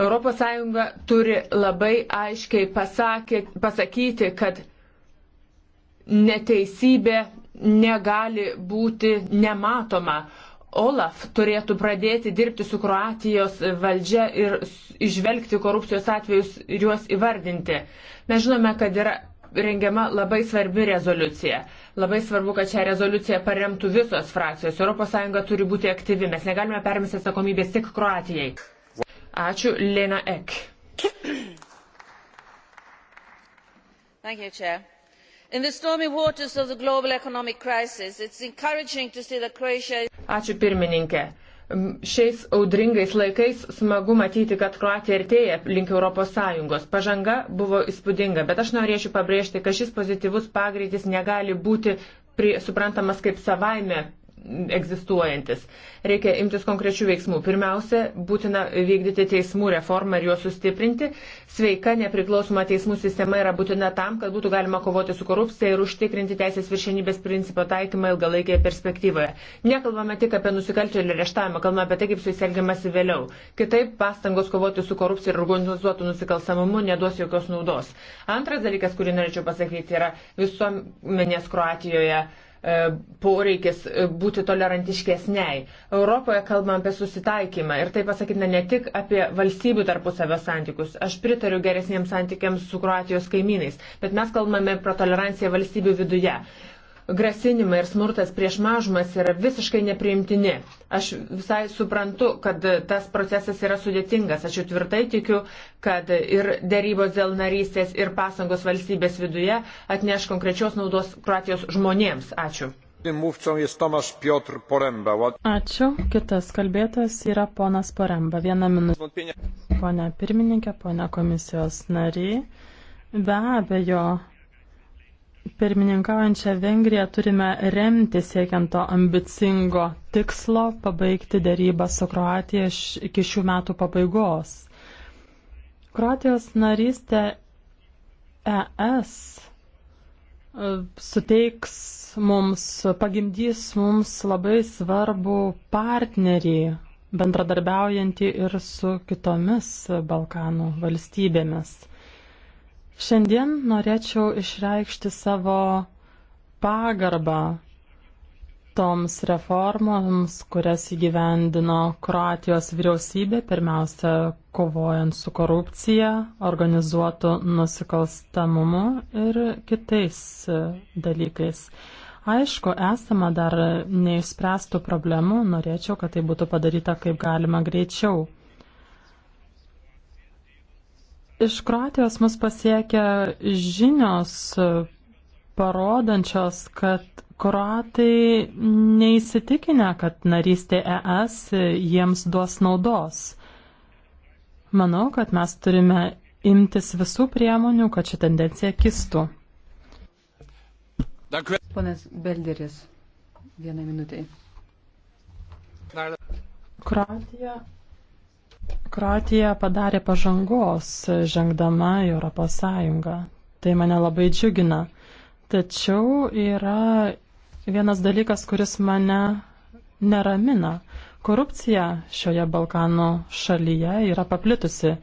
ES turi labai aiškiai pasakė, pasakyti, kad neteisybė negali būti nematoma. Olaf turėtų pradėti dirbti su Kroatijos valdžia ir išvelgti korupcijos atvejus ir juos įvardinti. Mes žinome, kad yra rengiama labai svarbi rezoliucija. Labai svarbu, kad šią rezoliuciją paremtų visos frakcijos. ES turi būti aktyvi. Mes negalime permesti atsakomybės tik Kroatijai. Ačiū, Lena Ek. Thank you, Chair in the stormy waters of the global economic crisis it's encouraging to see that croatia. ačiū pirmininke šiais audringais laikais smagu matyti, kad Kroatija artėja link ES. Pažanga buvo įspūdinga, bet aš norėčiau pabrėžti, kad šis pozityvus pagreitis negali būti pri, suprantamas kaip savaime egzistuojantis. Reikia imtis konkrečių veiksmų. Pirmiausia, būtina vykdyti teismų reformą ir juos sustiprinti. Sveika, nepriklausoma teismų sistema yra būtina tam, kad būtų galima kovoti su korupcija ir užtikrinti teisės viršenybės principo taikymą ilgalaikėje perspektyvoje. Nekalbame tik apie nusikaltėlių areštavimą, kalbame apie tai, kaip su jais elgiamasi vėliau. Kitaip pastangos kovoti su korupcija ir organizuotų nusikalstamumu neduos jokios naudos. Antras dalykas, kurį norėčiau pasakyti, yra visuomenės Kroatijoje E, poreikis e, būti tolerantiškesniai. Europoje kalbam apie susitaikymą ir tai pasakytina ne tik apie valstybių tarpusavio santykius. Aš pritariu geresniems santykiams su Kroatijos kaimynais, bet mes kalbame apie toleranciją valstybių viduje grasinimai ir smurtas prieš mažumas yra visiškai nepriimtini. Aš visai suprantu, kad tas procesas yra sudėtingas. Aš jau tvirtai tikiu, kad ir dėrybos dėl narystės ir pasangos valstybės viduje atneš konkrečios naudos Kroatijos žmonėms. Ačiū. Ačiū. Kitas kalbėtojas yra ponas Poremba. Vieną minutę. Pone pirmininkė, pone komisijos nariai. Be abejo, Pirmininkaujančią Vengriją turime remti siekiant to ambicingo tikslo pabaigti dėrybą su Kroatija iki šių metų pabaigos. Kroatijos narystė ES e, suteiks mums, pagimdys mums labai svarbu partnerį, bendradarbiaujantį ir su kitomis Balkanų valstybėmis. Šiandien norėčiau išreikšti savo pagarbą toms reformoms, kurias įgyvendino Kroatijos vyriausybė, pirmiausia, kovojant su korupcija, organizuotu nusikalstamumu ir kitais dalykais. Aišku, esama dar neišspręstų problemų, norėčiau, kad tai būtų padaryta kaip galima greičiau. Iš Kroatijos mus pasiekia žinios e, parodančios, kad Kroatai neįsitikinę, kad narystė ES jiems duos naudos. Manau, kad mes turime imtis visų priemonių, kad ši tendencija kistų. Ponas Belderis, vieną minutę. Kroatija Kroatija padarė pažangos žengdama į Europos Sąjungą. Tai mane labai džiugina. Tačiau yra vienas dalykas, kuris mane neramina. Korupcija šioje Balkanų šalyje yra paplitusi.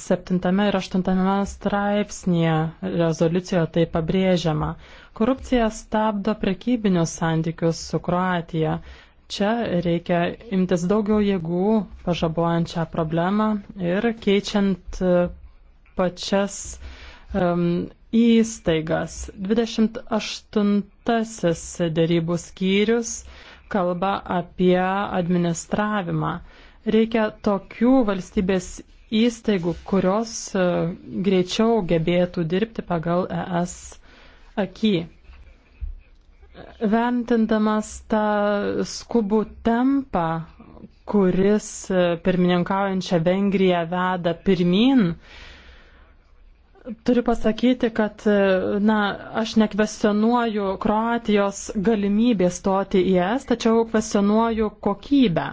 Septintame ir aštuntame straipsnėje rezoliucijoje tai pabrėžiama. Korupcija stabdo prekybinius santykius su Kroatija. Čia reikia imtis daugiau jėgų, pažabojant šią problemą ir keičiant e, pačias um, įstaigas. 28-asis dėrybų skyrius kalba apie administravimą. Reikia tokių valstybės įstaigų, kurios e, greičiau gebėtų dirbti pagal ES akį. Ventindamas tą skubų tempą, kuris pirmininkaujančią Vengriją veda pirmin, Turiu pasakyti, kad na, aš nekvestionuoju Kroatijos galimybę stoti į ES, tačiau kvestionuoju kokybę.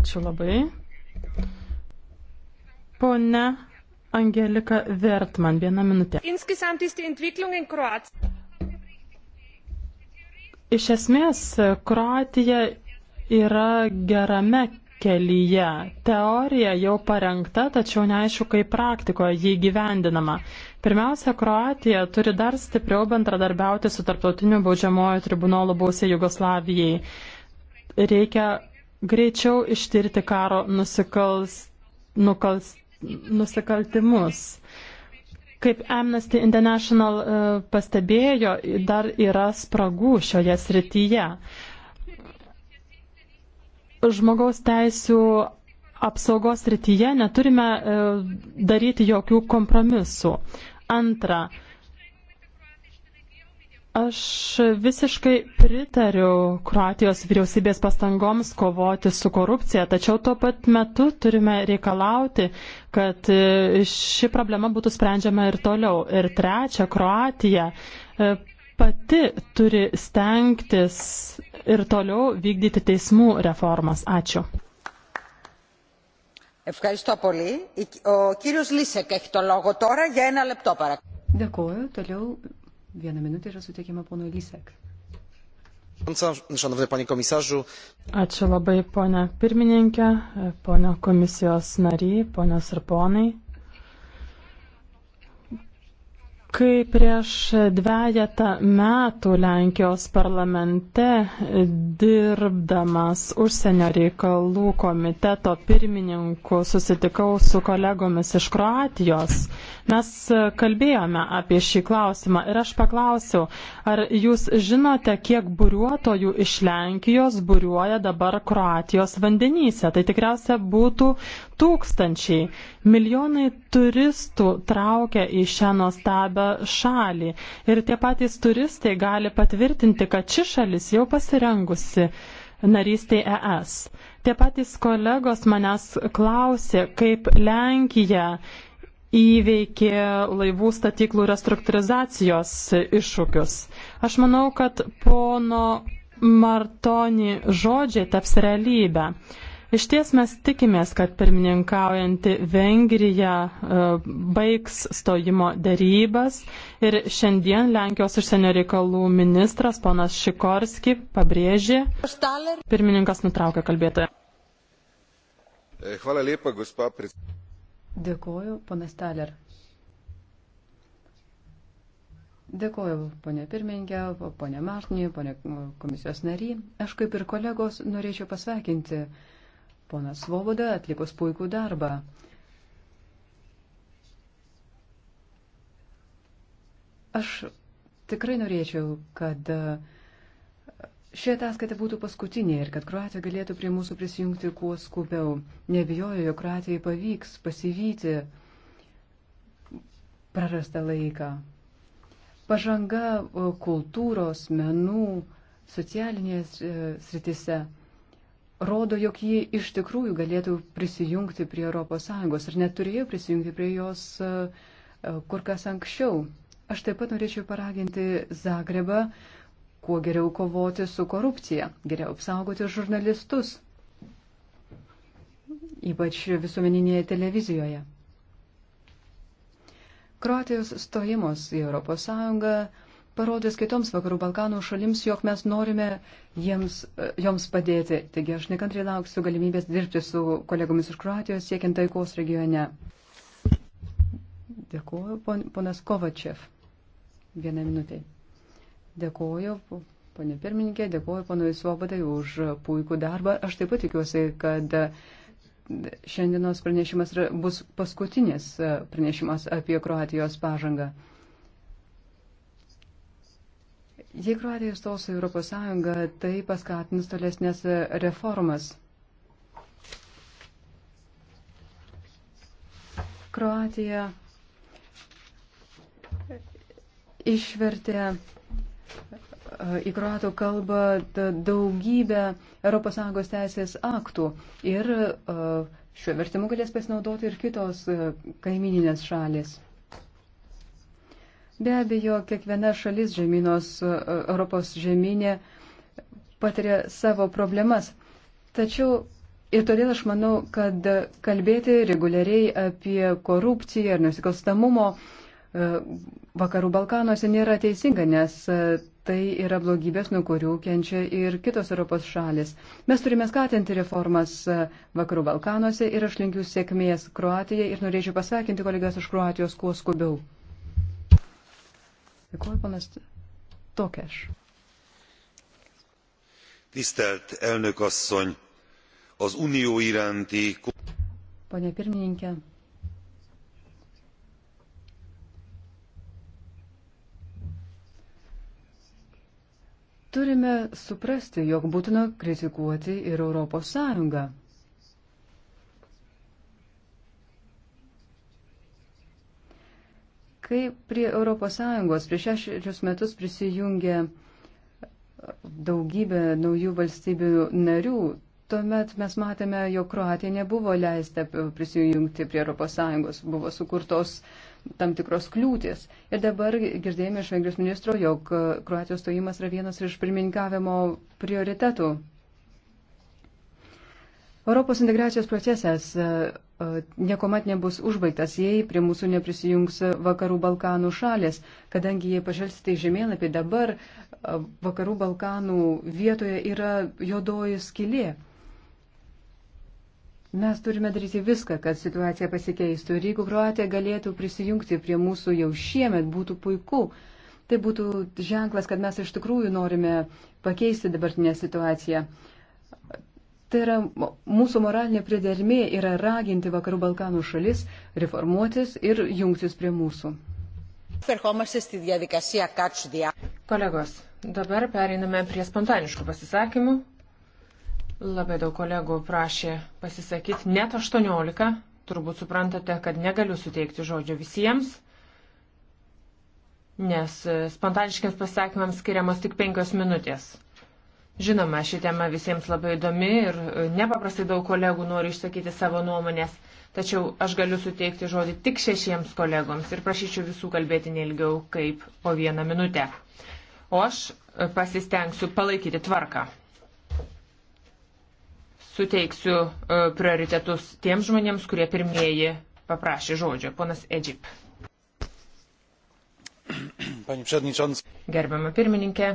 Ačiū labai. Pone Angelika Vertman, vieną minutę. Iš esmės, Kroatija yra gerame kelyje. Teorija jau parengta, tačiau neaišku, kaip praktikoje jį gyvendinama. Pirmiausia, Kroatija turi dar stipriau bendradarbiauti su tarptautiniu baudžiamojo tribunolu bausiai Jugoslavijai. Reikia greičiau ištirti karo nusikals, nukals, nusikaltimus. Kaip Amnesty International e, pastebėjo, dar yra spragų šioje srityje. Žmogaus teisų apsaugos srityje neturime e, daryti jokių kompromisų. Antra, Aš visiškai pritariu Kroatijos vyriausybės pastangoms kovoti su korupcija, tačiau tuo pat metu turime reikalauti, kad ši problema būtų sprendžiama ir toliau. Ir trečia, Kroatija e, pati turi stengtis ir toliau vykdyti teismų reformas. Ačiū. Dėkuoju. Toliau Viena minutė yra suteikiama ponui Lysek. Ačiū labai, ponia pirmininkė, ponia komisijos nariai, ponios ir ponai. Kai prieš dviejatą metų Lenkijos parlamente dirbdamas užsienio reikalų komiteto pirmininku susitikau su kolegomis iš Kroatijos, mes kalbėjome apie šį klausimą ir aš paklausiau, ar jūs žinote, kiek buriuotojų iš Lenkijos buriuoja dabar Kroatijos vandenyse. Tai tikriausia būtų tūkstančiai. Milijonai turistų traukia į šią nuostabią šalį. Ir tie patys turistai gali patvirtinti, kad ši šalis jau pasirengusi narystėje ES. Tie patys kolegos manęs klausė, kaip Lenkija įveikė laivų statyklų restruktūrizacijos iššūkius. Aš manau, kad pono Martoni žodžiai taps realybę. Iš ties mes tikimės, kad pirmininkaujanti Vengrija e, baigs stojimo darybas ir šiandien Lenkijos užsienio reikalų ministras ponas Šikorski pabrėžė. Pirmininkas nutraukė kalbėtoją. E, hvala lepa, gospa prezidentė. Dėkoju, ponas Taler. Dėkoju, ponė pirmininkė, ponė Martinė, ponė komisijos nary. Aš kaip ir kolegos norėčiau pasveikinti Ponas Svoboda atlikos puikų darbą. Aš tikrai norėčiau, kad e, ši ataskaita būtų paskutinė ir kad Kroatija galėtų prie mūsų prisijungti kuo skubiau. Nebijoju, jog Kroatijai pavyks pasivyti prarastą laiką. Pažanga kultūros, menų, socialinės e, sritise. E, rodo, jog ji iš tikrųjų galėtų prisijungti prie ES ir net turėjo prisijungti prie jos e, e, kur kas anksčiau. Aš taip pat norėčiau paraginti Zagrebą kuo geriau kovoti su korupcija, geriau apsaugoti žurnalistus, ypač visuomeninėje televizijoje. Kroatijos stojimas į ES parodys kitoms vakarų Balkanų šalims, jog mes norime jiems, e, joms padėti. Taigi aš nekantriai lauksiu galimybės dirbti su kolegomis iš Kroatijos siekiant taikos regione. Dėkuoju, pon, ponas Kovačev. Vieną minutę. Dėkuoju, ponė pirmininkė, dėkuoju ponui Svobodai už puikų darbą. Aš taip pat tikiuosi, kad šiandienos pranešimas bus paskutinis e, pranešimas apie Kroatijos pažangą. Jei Kroatija įstos į Europos Sąjungą, tai paskatins tolesnės reformas. Kroatija išvertė e, į kroatų kalbą daugybę ES teisės aktų ir e, šiuo vertimu galės pasinaudoti ir kitos e, kaimininės šalis. Be abejo, kiekviena šalis žemynos, e, Europos žemynė patiria savo problemas. Tačiau ir todėl aš manau, kad kalbėti reguliariai apie korupciją ir nusikalstamumo e, Vakarų Balkanuose nėra teisinga, nes e, tai yra blogybės, nuo kurių kenčia ir kitos Europos šalis. Mes turime skatinti reformas Vakarų Balkanuose ir aš linkiu sėkmės Kroatijai ir norėčiau pasveikinti kolegas iš Kroatijos kuo skubiau. Dėkuoju, panas Tokeš. Tisztelt elnök asszony, az unió iránti... Pane pirmininkė, turime suprasti, jog būtina kritikuoti ir Europos Sąjungą. Kai prie ES prieš šešerius metus prisijungė daugybė naujų valstybių narių, tuomet mes matėme, jog Kroatija nebuvo leista prisijungti prie ES, buvo sukurtos tam tikros kliūtis. Ir dabar girdėjome iš Vengrijos ministro, jog Kroatijos stojimas yra vienas iš pirmininkavimo prioritetų Europos integracijos procesas e, e, niekuomet nebus užbaigtas, jei prie mūsų neprisijungs Vakarų Balkanų šalis, kadangi jei pažvelgsite į žemėlapį, dabar e, Vakarų Balkanų vietoje yra jodoji skilė. Mes turime daryti viską, kad situacija pasikeistų ir jeigu Kroatija galėtų prisijungti prie mūsų jau šiemet, būtų puiku. Tai būtų ženklas, kad mes iš tikrųjų norime pakeisti dabartinę situaciją. Tai yra mūsų moralinė pridermė yra raginti Vakarų Balkanų šalis reformuotis ir jungtis prie mūsų. Kolegos, dabar pereiname prie spontaniškų pasisakymų. Labai daug kolegų prašė pasisakyti, net 18. Turbūt suprantate, kad negaliu suteikti žodžio visiems, nes spontaniškiams pasisakymams skiriamos tik penkios minutės. Žinoma, ši tema visiems labai įdomi ir e, nepaprastai daug kolegų nori išsakyti savo nuomonės, tačiau aš galiu suteikti žodį tik šešiems kolegoms ir prašyčiau visų kalbėti neilgiau kaip po vieną minutę. O aš e, pasistengsiu palaikyti tvarką. Suteiksiu e, prioritetus tiems žmonėms, kurie pirmieji paprašė žodžio. Ponas Edžip. Gerbiama pirmininkė,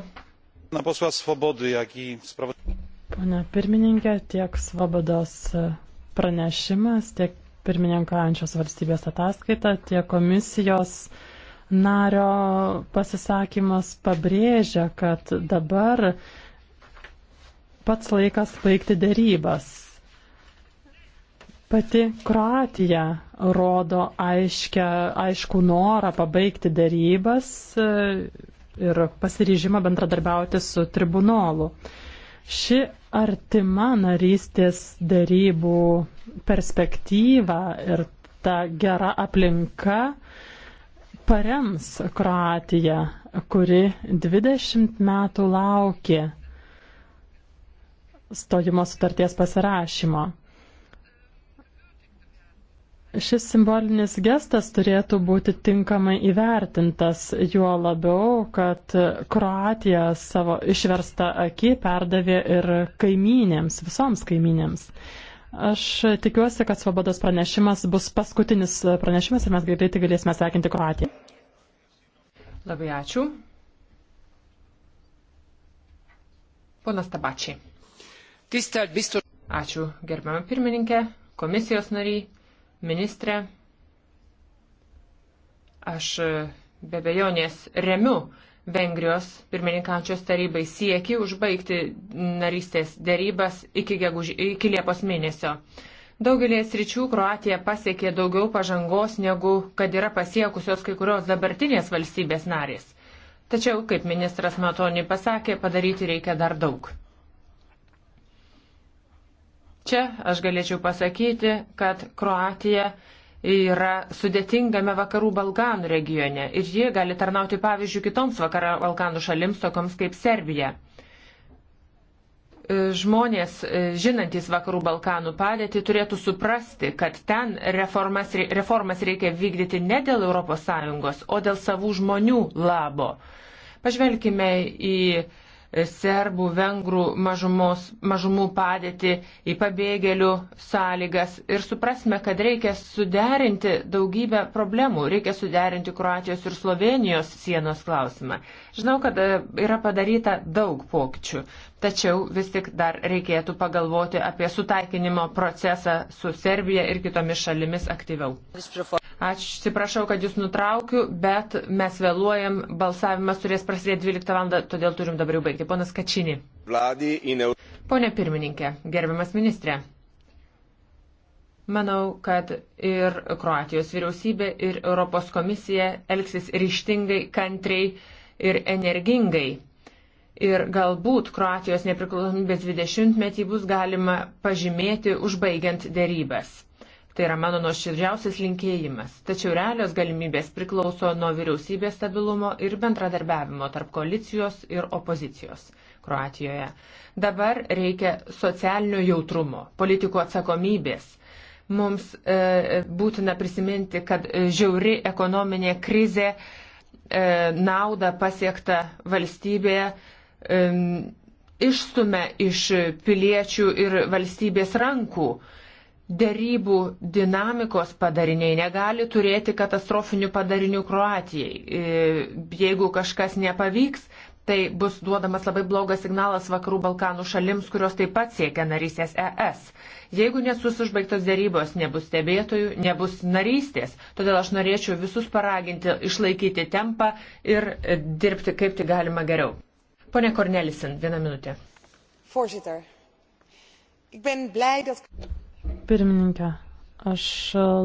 Pana posła Swobody, jak i sprawozdanie. Pane pirmininkė, tiek Svobodos e, pranešimas, tiek pirmininkaujančios valstybės ataskaita, tiek komisijos nario pasisakymas pabrėžia, kad dabar pats laikas baigti dėrybas. Pati Kroatija rodo aiškia, aišku norą pabaigti dėrybas e, ir pasiryžimą bendradarbiauti su tribunolu. Ši artima narystės dėrybų perspektyva ir ta gera aplinka parems Kroatiją, kuri 20 metų laukė stojimo sutarties pasirašymo. Šis simbolinis gestas turėtų būti tinkamai įvertintas, juo labiau, kad Kroatija savo išverstą akį perdavė ir kaimynėms, visoms kaimynėms. Aš tikiuosi, kad Svobodos pranešimas bus paskutinis pranešimas ir mes greitai galėsime sveikinti Kroatiją. Labai ačiū. Ponas Tabačiai. Ačiū, gerbiamą pirmininkę, komisijos nariai, Ministre, aš e, be bejonės remiu Vengrijos pirmininkančios tarybai sieki užbaigti narystės dėrybas iki, geguž... iki Liepos mėnesio. Daugelį sričių Kroatija pasiekė daugiau pažangos, negu kad yra pasiekusios kai kurios dabartinės valstybės narės. Tačiau, kaip ministras Matoni pasakė, padaryti reikia dar daug. Čia aš galėčiau pasakyti, kad Kroatija yra sudėtingame vakarų Balkanų regione ir ji gali tarnauti pavyzdžių kitoms vakarų Balkanų šalims, tokioms kaip Serbija. E, žmonės, e, žinantis vakarų Balkanų padėtį, turėtų suprasti, kad ten reformas, reformas reikia vykdyti ne dėl ES, o dėl savų žmonių labo. Pažvelkime į serbų, vengrų mažumos, mažumų padėtį, į pabėgėlių sąlygas ir suprasme, kad reikia suderinti daugybę problemų, reikia suderinti Kroatijos ir Slovenijos sienos klausimą. Žinau, kad e, yra padaryta daug pokyčių, tačiau vis tik dar reikėtų pagalvoti apie sutaikinimo procesą su Serbija ir kitomis šalimis aktyviau. Atsiprašau, kad jūs nutraukiu, bet mes vėluojam, balsavimas turės prasidėti 12 val. todėl turim dabar jau baigti. Ponas Kačini. Pone pirmininkė, gerbiamas ministrė. Manau, kad ir Kroatijos vyriausybė, ir Europos komisija elgsis ryštingai, kantriai ir energingai. Ir galbūt Kroatijos nepriklausomybės 20-metį bus galima pažymėti užbaigiant dėrybas. Tai yra mano nuoširdžiausias linkėjimas. Tačiau realios galimybės priklauso nuo vyriausybės stabilumo ir bendradarbiavimo tarp koalicijos ir opozicijos Kroatijoje. Dabar reikia socialinio jautrumo, politikų atsakomybės mums e, būtina prisiminti, kad e, žiauri ekonominė krizė e, naudą pasiektą valstybėje e, išstumia iš piliečių ir valstybės rankų. E, dėrybų dinamikos padariniai negali turėti katastrofinių padarinių Kroatijai. E, jeigu kažkas nepavyks, tai bus duodamas labai blogas signalas Vakarų Balkanų šalims, kurios taip pat siekia narysės ES. Jeigu nesus užbaigtos dėrybos, nebus stebėtojų, nebus narystės. Todėl aš norėčiau visus paraginti išlaikyti tempą ir dirbti kaip tik galima geriau. Pone Kornelisin, vieną minutę. Voorzitter, ik ben blij dat. Pirmininkė, aš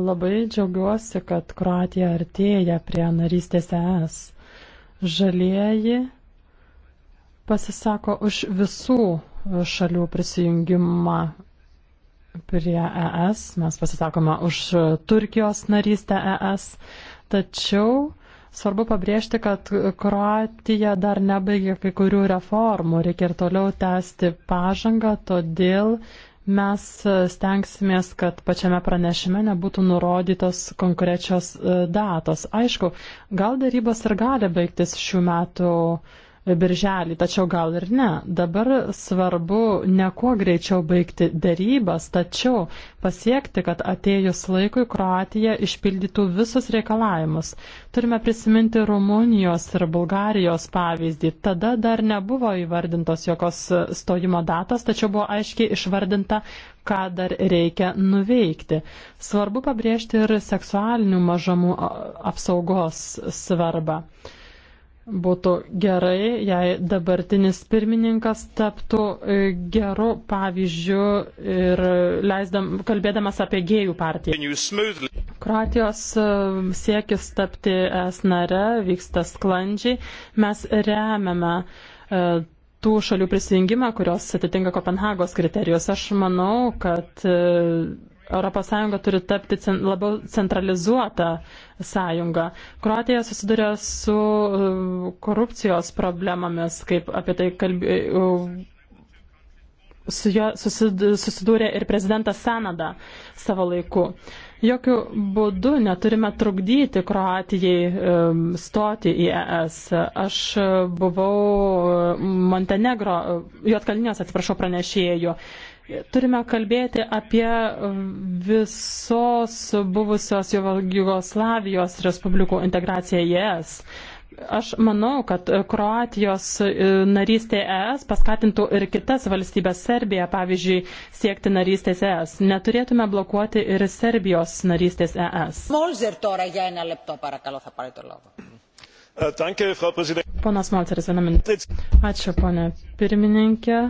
labai džiaugiuosi, kad Kroatija artėja prie narystės ES. Žalieji pasisako už visų šalių prisijungimą prie ES, mes pasisakome už Turkijos narystę ES, tačiau svarbu pabrėžti, kad Kroatija dar nebaigė kai kurių reformų, reikia ir toliau tęsti pažangą, todėl Mes e, stengsimės, kad pačiame pranešime nebūtų nurodytos konkrečios e, datos. Aišku, gal darybos ir gali baigtis šių metų uh, birželį, tačiau gal ir ne. Dabar svarbu ne kuo greičiau baigti dėrybas, tačiau pasiekti, kad atėjus laikui Kroatija išpildytų visus reikalavimus. Turime prisiminti Rumunijos ir Bulgarijos pavyzdį. Tada dar nebuvo įvardintos jokios stojimo datos, tačiau buvo aiškiai išvardinta, ką dar reikia nuveikti. Svarbu pabrėžti ir seksualinių mažamų apsaugos svarbą. Būtų gerai, jei dabartinis pirmininkas taptų e, geru pavyzdžiu ir leisdam, kalbėdamas apie gėjų partiją. Kroatijos e, siekis tapti es nare vyksta sklandžiai. Mes remiame e, tų šalių prisijungimą, kurios atitinka Kopenhagos kriterijus. Aš manau, kad ES turi tapti cen, labiau centralizuota sąjunga. Kroatija susiduria su uh, korupcijos problemomis, kaip apie tai kalbė, uh, su jo susidūrė ir prezidentas Sanada savo laiku. Jokių būdų neturime trukdyti Kroatijai um, stoti į ES. Aš buvau uh, Montenegro, Juotkalinės, atsiprašau, pranešėjų turime kalbėti apie visos buvusios Jugoslavijos Respublikų integraciją į ES. Aš manau, kad Kroatijos e, narystė ES paskatintų ir kitas valstybės Serbiją, pavyzdžiui, siekti narystės ES. Neturėtume blokuoti ir Serbijos narystės ES. Ponas Molceris, vieną minutę. Ačiū, ponė pirmininkė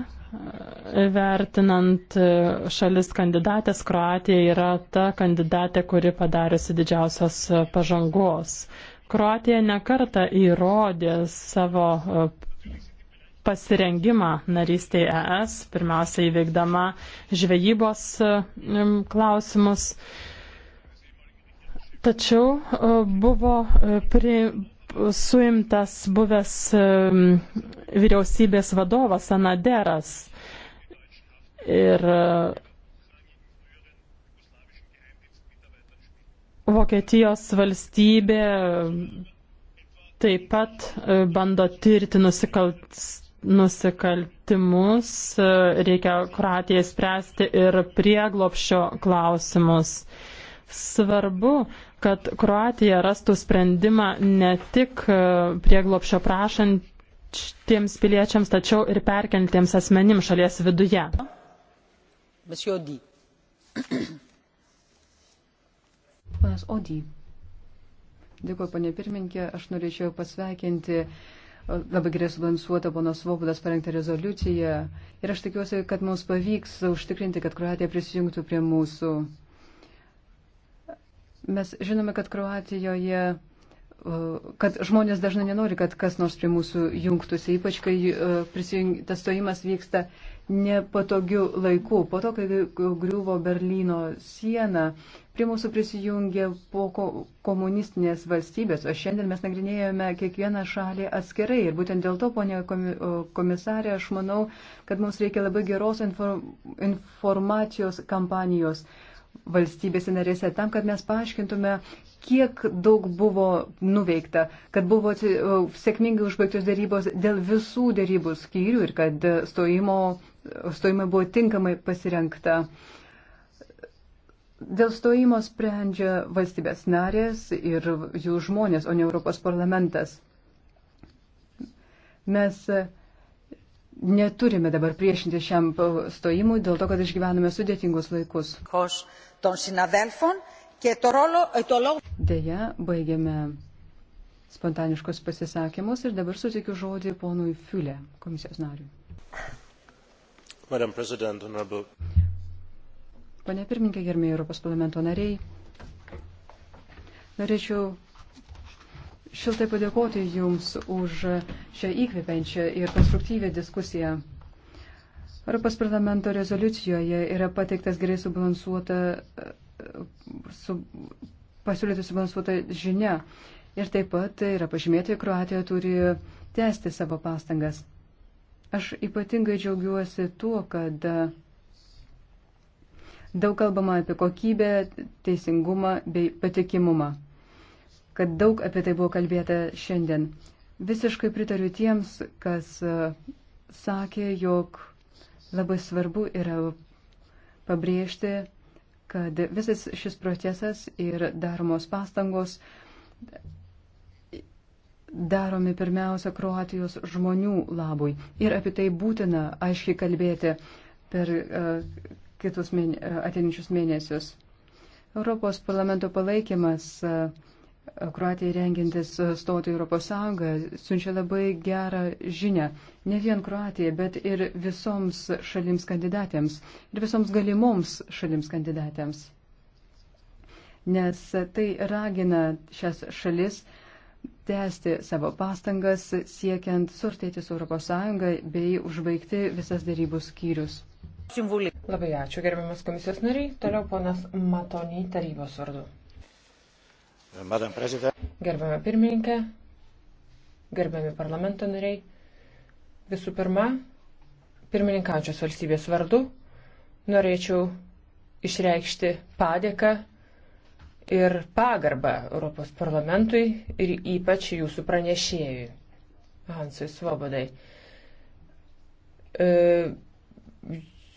vertinant šalis kandidatės, Kroatija yra ta kandidatė, kuri padariusi didžiausios pažangos. Kroatija nekarta įrodė savo pasirengimą narystėje ES, pirmiausia įveikdama žvejybos klausimus. Tačiau e, buvo pri, suimtas buvęs vyriausybės vadovas Anaderas. Ir e, Vokietijos valstybė taip pat e, bando tirti nusikalt, nusikaltimus, e, reikia Kroatijai spręsti ir prieglopšio klausimus. Svarbu, kad Kroatija rastų sprendimą ne tik e, prieglopšio prašantiems piliečiams, tačiau ir perkeltiems asmenim šalies viduje. Panas Odį. Dėkuoju, panė pirmininkė, aš norėčiau pasveikinti e, labai gerai subalansuota pono Svobodas parengta rezoliucija ir aš tikiuosi, kad mums pavyks užtikrinti, kad Kroatija prisijungtų prie mūsų. Mes žinome, kad Kroatijoje kad žmonės dažnai nenori, kad kas nors prie mūsų jungtųsi, ypač kai e, prisijung... tas stojimas vyksta nepatogiu laiku. Po to, kai griuvo Berlyno siena, prie mūsų prisijungė po komunistinės valstybės, o šiandien mes nagrinėjome kiekvieną šalį atskirai. Ir būtent dėl to, ponė komisarė, aš manau, kad mums reikia labai geros informacijos kampanijos valstybėse narėse, tam, kad mes paaiškintume, kiek daug buvo nuveikta, kad buvo sėkmingai užbaigtos darybos dėl visų darybų skyrių ir kad stojimo, stojimo buvo tinkamai pasirenkta. Dėl stojimo sprendžia valstybės narės ir jų žmonės, o ne Europos parlamentas. Mes neturime dabar priešinti šiam stojimui dėl to, kad išgyvename sudėtingus laikus. E Deja, baigėme spontaniškus pasisakymus ir dabar sutikiu žodį ponui Fiulė, komisijos nariui. Pane pirmininkė, gerbėjai Europos parlamento nariai, norėčiau šiltai padėkoti Jums už šią įkvepiančią ir konstruktyvę diskusiją. Europos parlamento rezoliucijoje yra pateiktas gerai subalansuota, su, pasiūlyta subalansuota žinia. Ir taip pat yra pažymėta, jog Kroatija turi tęsti savo pastangas. Aš ypatingai džiaugiuosi tuo, kad daug kalbama apie kokybę, teisingumą bei patikimumą kad daug apie tai buvo kalbėta šiandien. Visiškai pritariu tiems, kas e, sakė, jog labai svarbu yra pabrėžti, kad visas šis procesas ir daromos pastangos daromi pirmiausia Kroatijos žmonių labui. Ir apie tai būtina aiškiai kalbėti per uh, kitus mėne, uh, ateinančius mėnesius. Europos parlamento palaikymas uh, Kroatijai rengintis stoti Europos Sąjungą siunčia labai gerą žinę ne vien Kroatijai, bet ir visoms šalims kandidatėms ir visoms galimoms šalims kandidatėms. Nes tai ragina šias šalis tęsti savo pastangas siekiant surtėti su Europos Sąjunga bei užbaigti visas darybų skyrius. Labai ačiū gerbiamas komisijos nariai, toliau ponas Matoniai tarybos vardu. Gerbame pirmininkę, gerbami parlamento nariai, visų pirma, pirmininkaučios valstybės vardu norėčiau išreikšti padėką ir pagarbą Europos parlamentui ir ypač jūsų pranešėjui, Hansui Svobodai. E,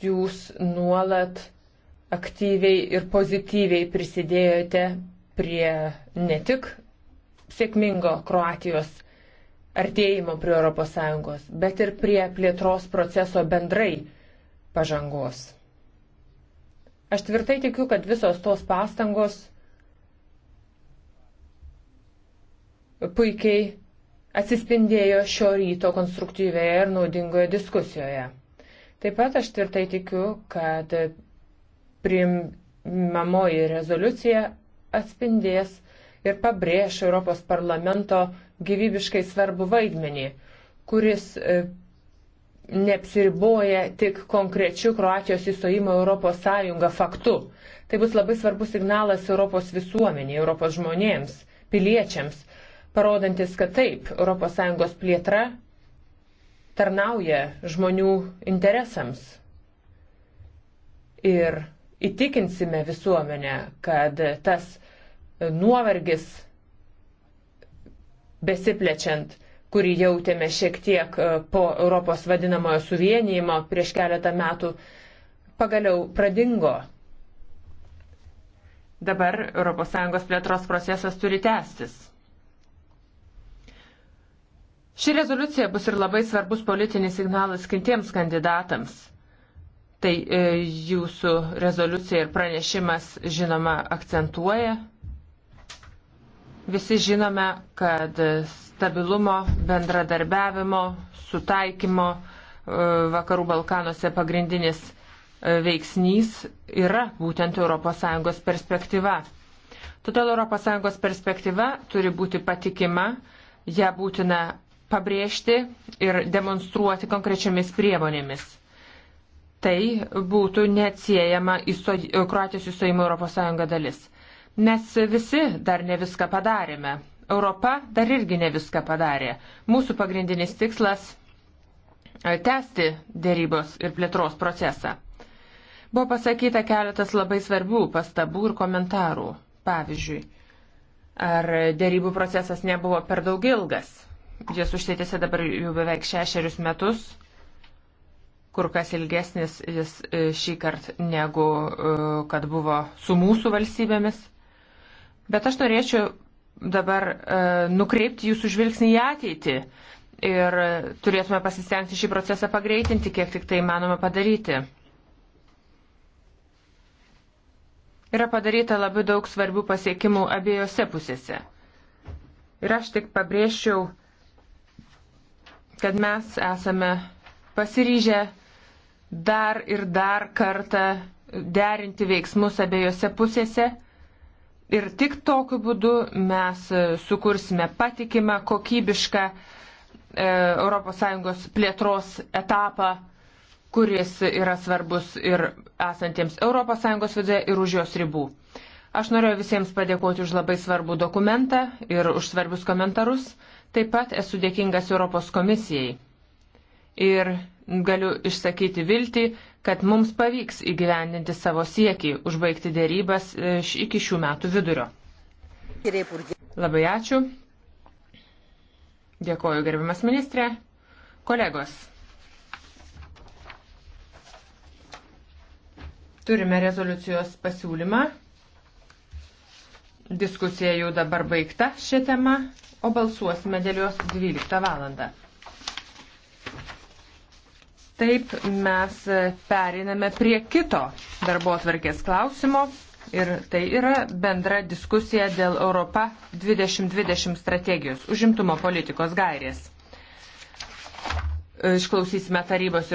jūs nuolat aktyviai ir pozityviai prisidėjote prie ne tik sėkmingo Kroatijos artėjimo prie ES, bet ir prie plėtros proceso bendrai pažangos. Aš tvirtai tikiu, kad visos tos pastangos puikiai atsispindėjo šio ryto konstruktyvėje ir naudingoje diskusijoje. Taip pat aš tvirtai tikiu, kad priimamoji rezoliucija atspindės ir pabrėš Europos parlamento gyvybiškai svarbu vaidmenį, kuris e, neapsiriboja tik konkrečiu Kroatijos įstojimo Europos Sąjungą faktu. Tai bus labai svarbus signalas Europos visuomeniai, Europos žmonėms, piliečiams, parodantis, kad taip, Europos Sąjungos plėtra tarnauja žmonių interesams. Ir įtikinsime visuomenę, kad tas nuovargis besiplečiant, kurį jautėme šiek tiek e, po Europos vadinamojo suvienijimo prieš keletą metų, pagaliau pradingo. Dabar ES plėtros procesas turi tęstis. Ši rezoliucija bus ir labai svarbus politinis signalas kitiems kandidatams Tai e, jūsų rezoliucija ir pranešimas, žinoma, akcentuoja. Visi žinome, kad stabilumo, bendradarbiavimo, sutaikymo e, vakarų Balkanuose pagrindinis e, veiksnys yra būtent ES perspektyva. Todėl ES perspektyva turi būti patikima, ją būtina pabrėžti ir demonstruoti konkrečiamis priemonėmis tai būtų neatsiejama įso, Kroatijos įstojimo Europos Sąjunga dalis. Mes visi dar ne viską padarėme. Europa dar irgi ne viską padarė. Mūsų pagrindinis tikslas - tęsti dėrybos ir plėtros procesą. Buvo pasakyta keletas labai svarbių pastabų ir komentarų. Pavyzdžiui, ar dėrybų procesas nebuvo per daug ilgas? Jis užsitėsi dabar jau beveik šešerius metus kur kas ilgesnis jis e, šį kartą negu e, kad buvo su mūsų valstybėmis. Bet aš norėčiau dabar e, nukreipti jūsų žvilgsnį į ateitį ir turėtume pasistengti šį procesą pagreitinti, kiek tik tai manoma padaryti. Yra padaryta labai daug svarbių pasiekimų abiejose pusėse. Ir aš tik pabrėžčiau, kad mes esame pasiryžę dar ir dar kartą derinti veiksmus abiejose pusėse. Ir tik tokiu būdu mes sukursime patikimą, kokybišką ES plėtros etapą, kuris yra svarbus ir esantiems ES viduje ir už jos ribų. Aš norėjau visiems padėkoti už labai svarbų dokumentą ir už svarbius komentarus. Taip pat esu dėkingas Europos komisijai. Ir galiu išsakyti viltį, kad mums pavyks įgyvendinti savo siekį užbaigti dėrybas e, iki šių metų vidurio. Labai ačiū. Dėkoju, gerbiamas ministrė. Kolegos. Turime rezoliucijos pasiūlymą. Diskusija jau dabar baigta šią temą, o balsuosime dėl jos 12 valandą. Taip mes periname prie kito darbo atvarkės klausimo ir tai yra bendra diskusija dėl Europa 2020 strategijos užimtumo politikos gairės. Išklausysime tarybos ir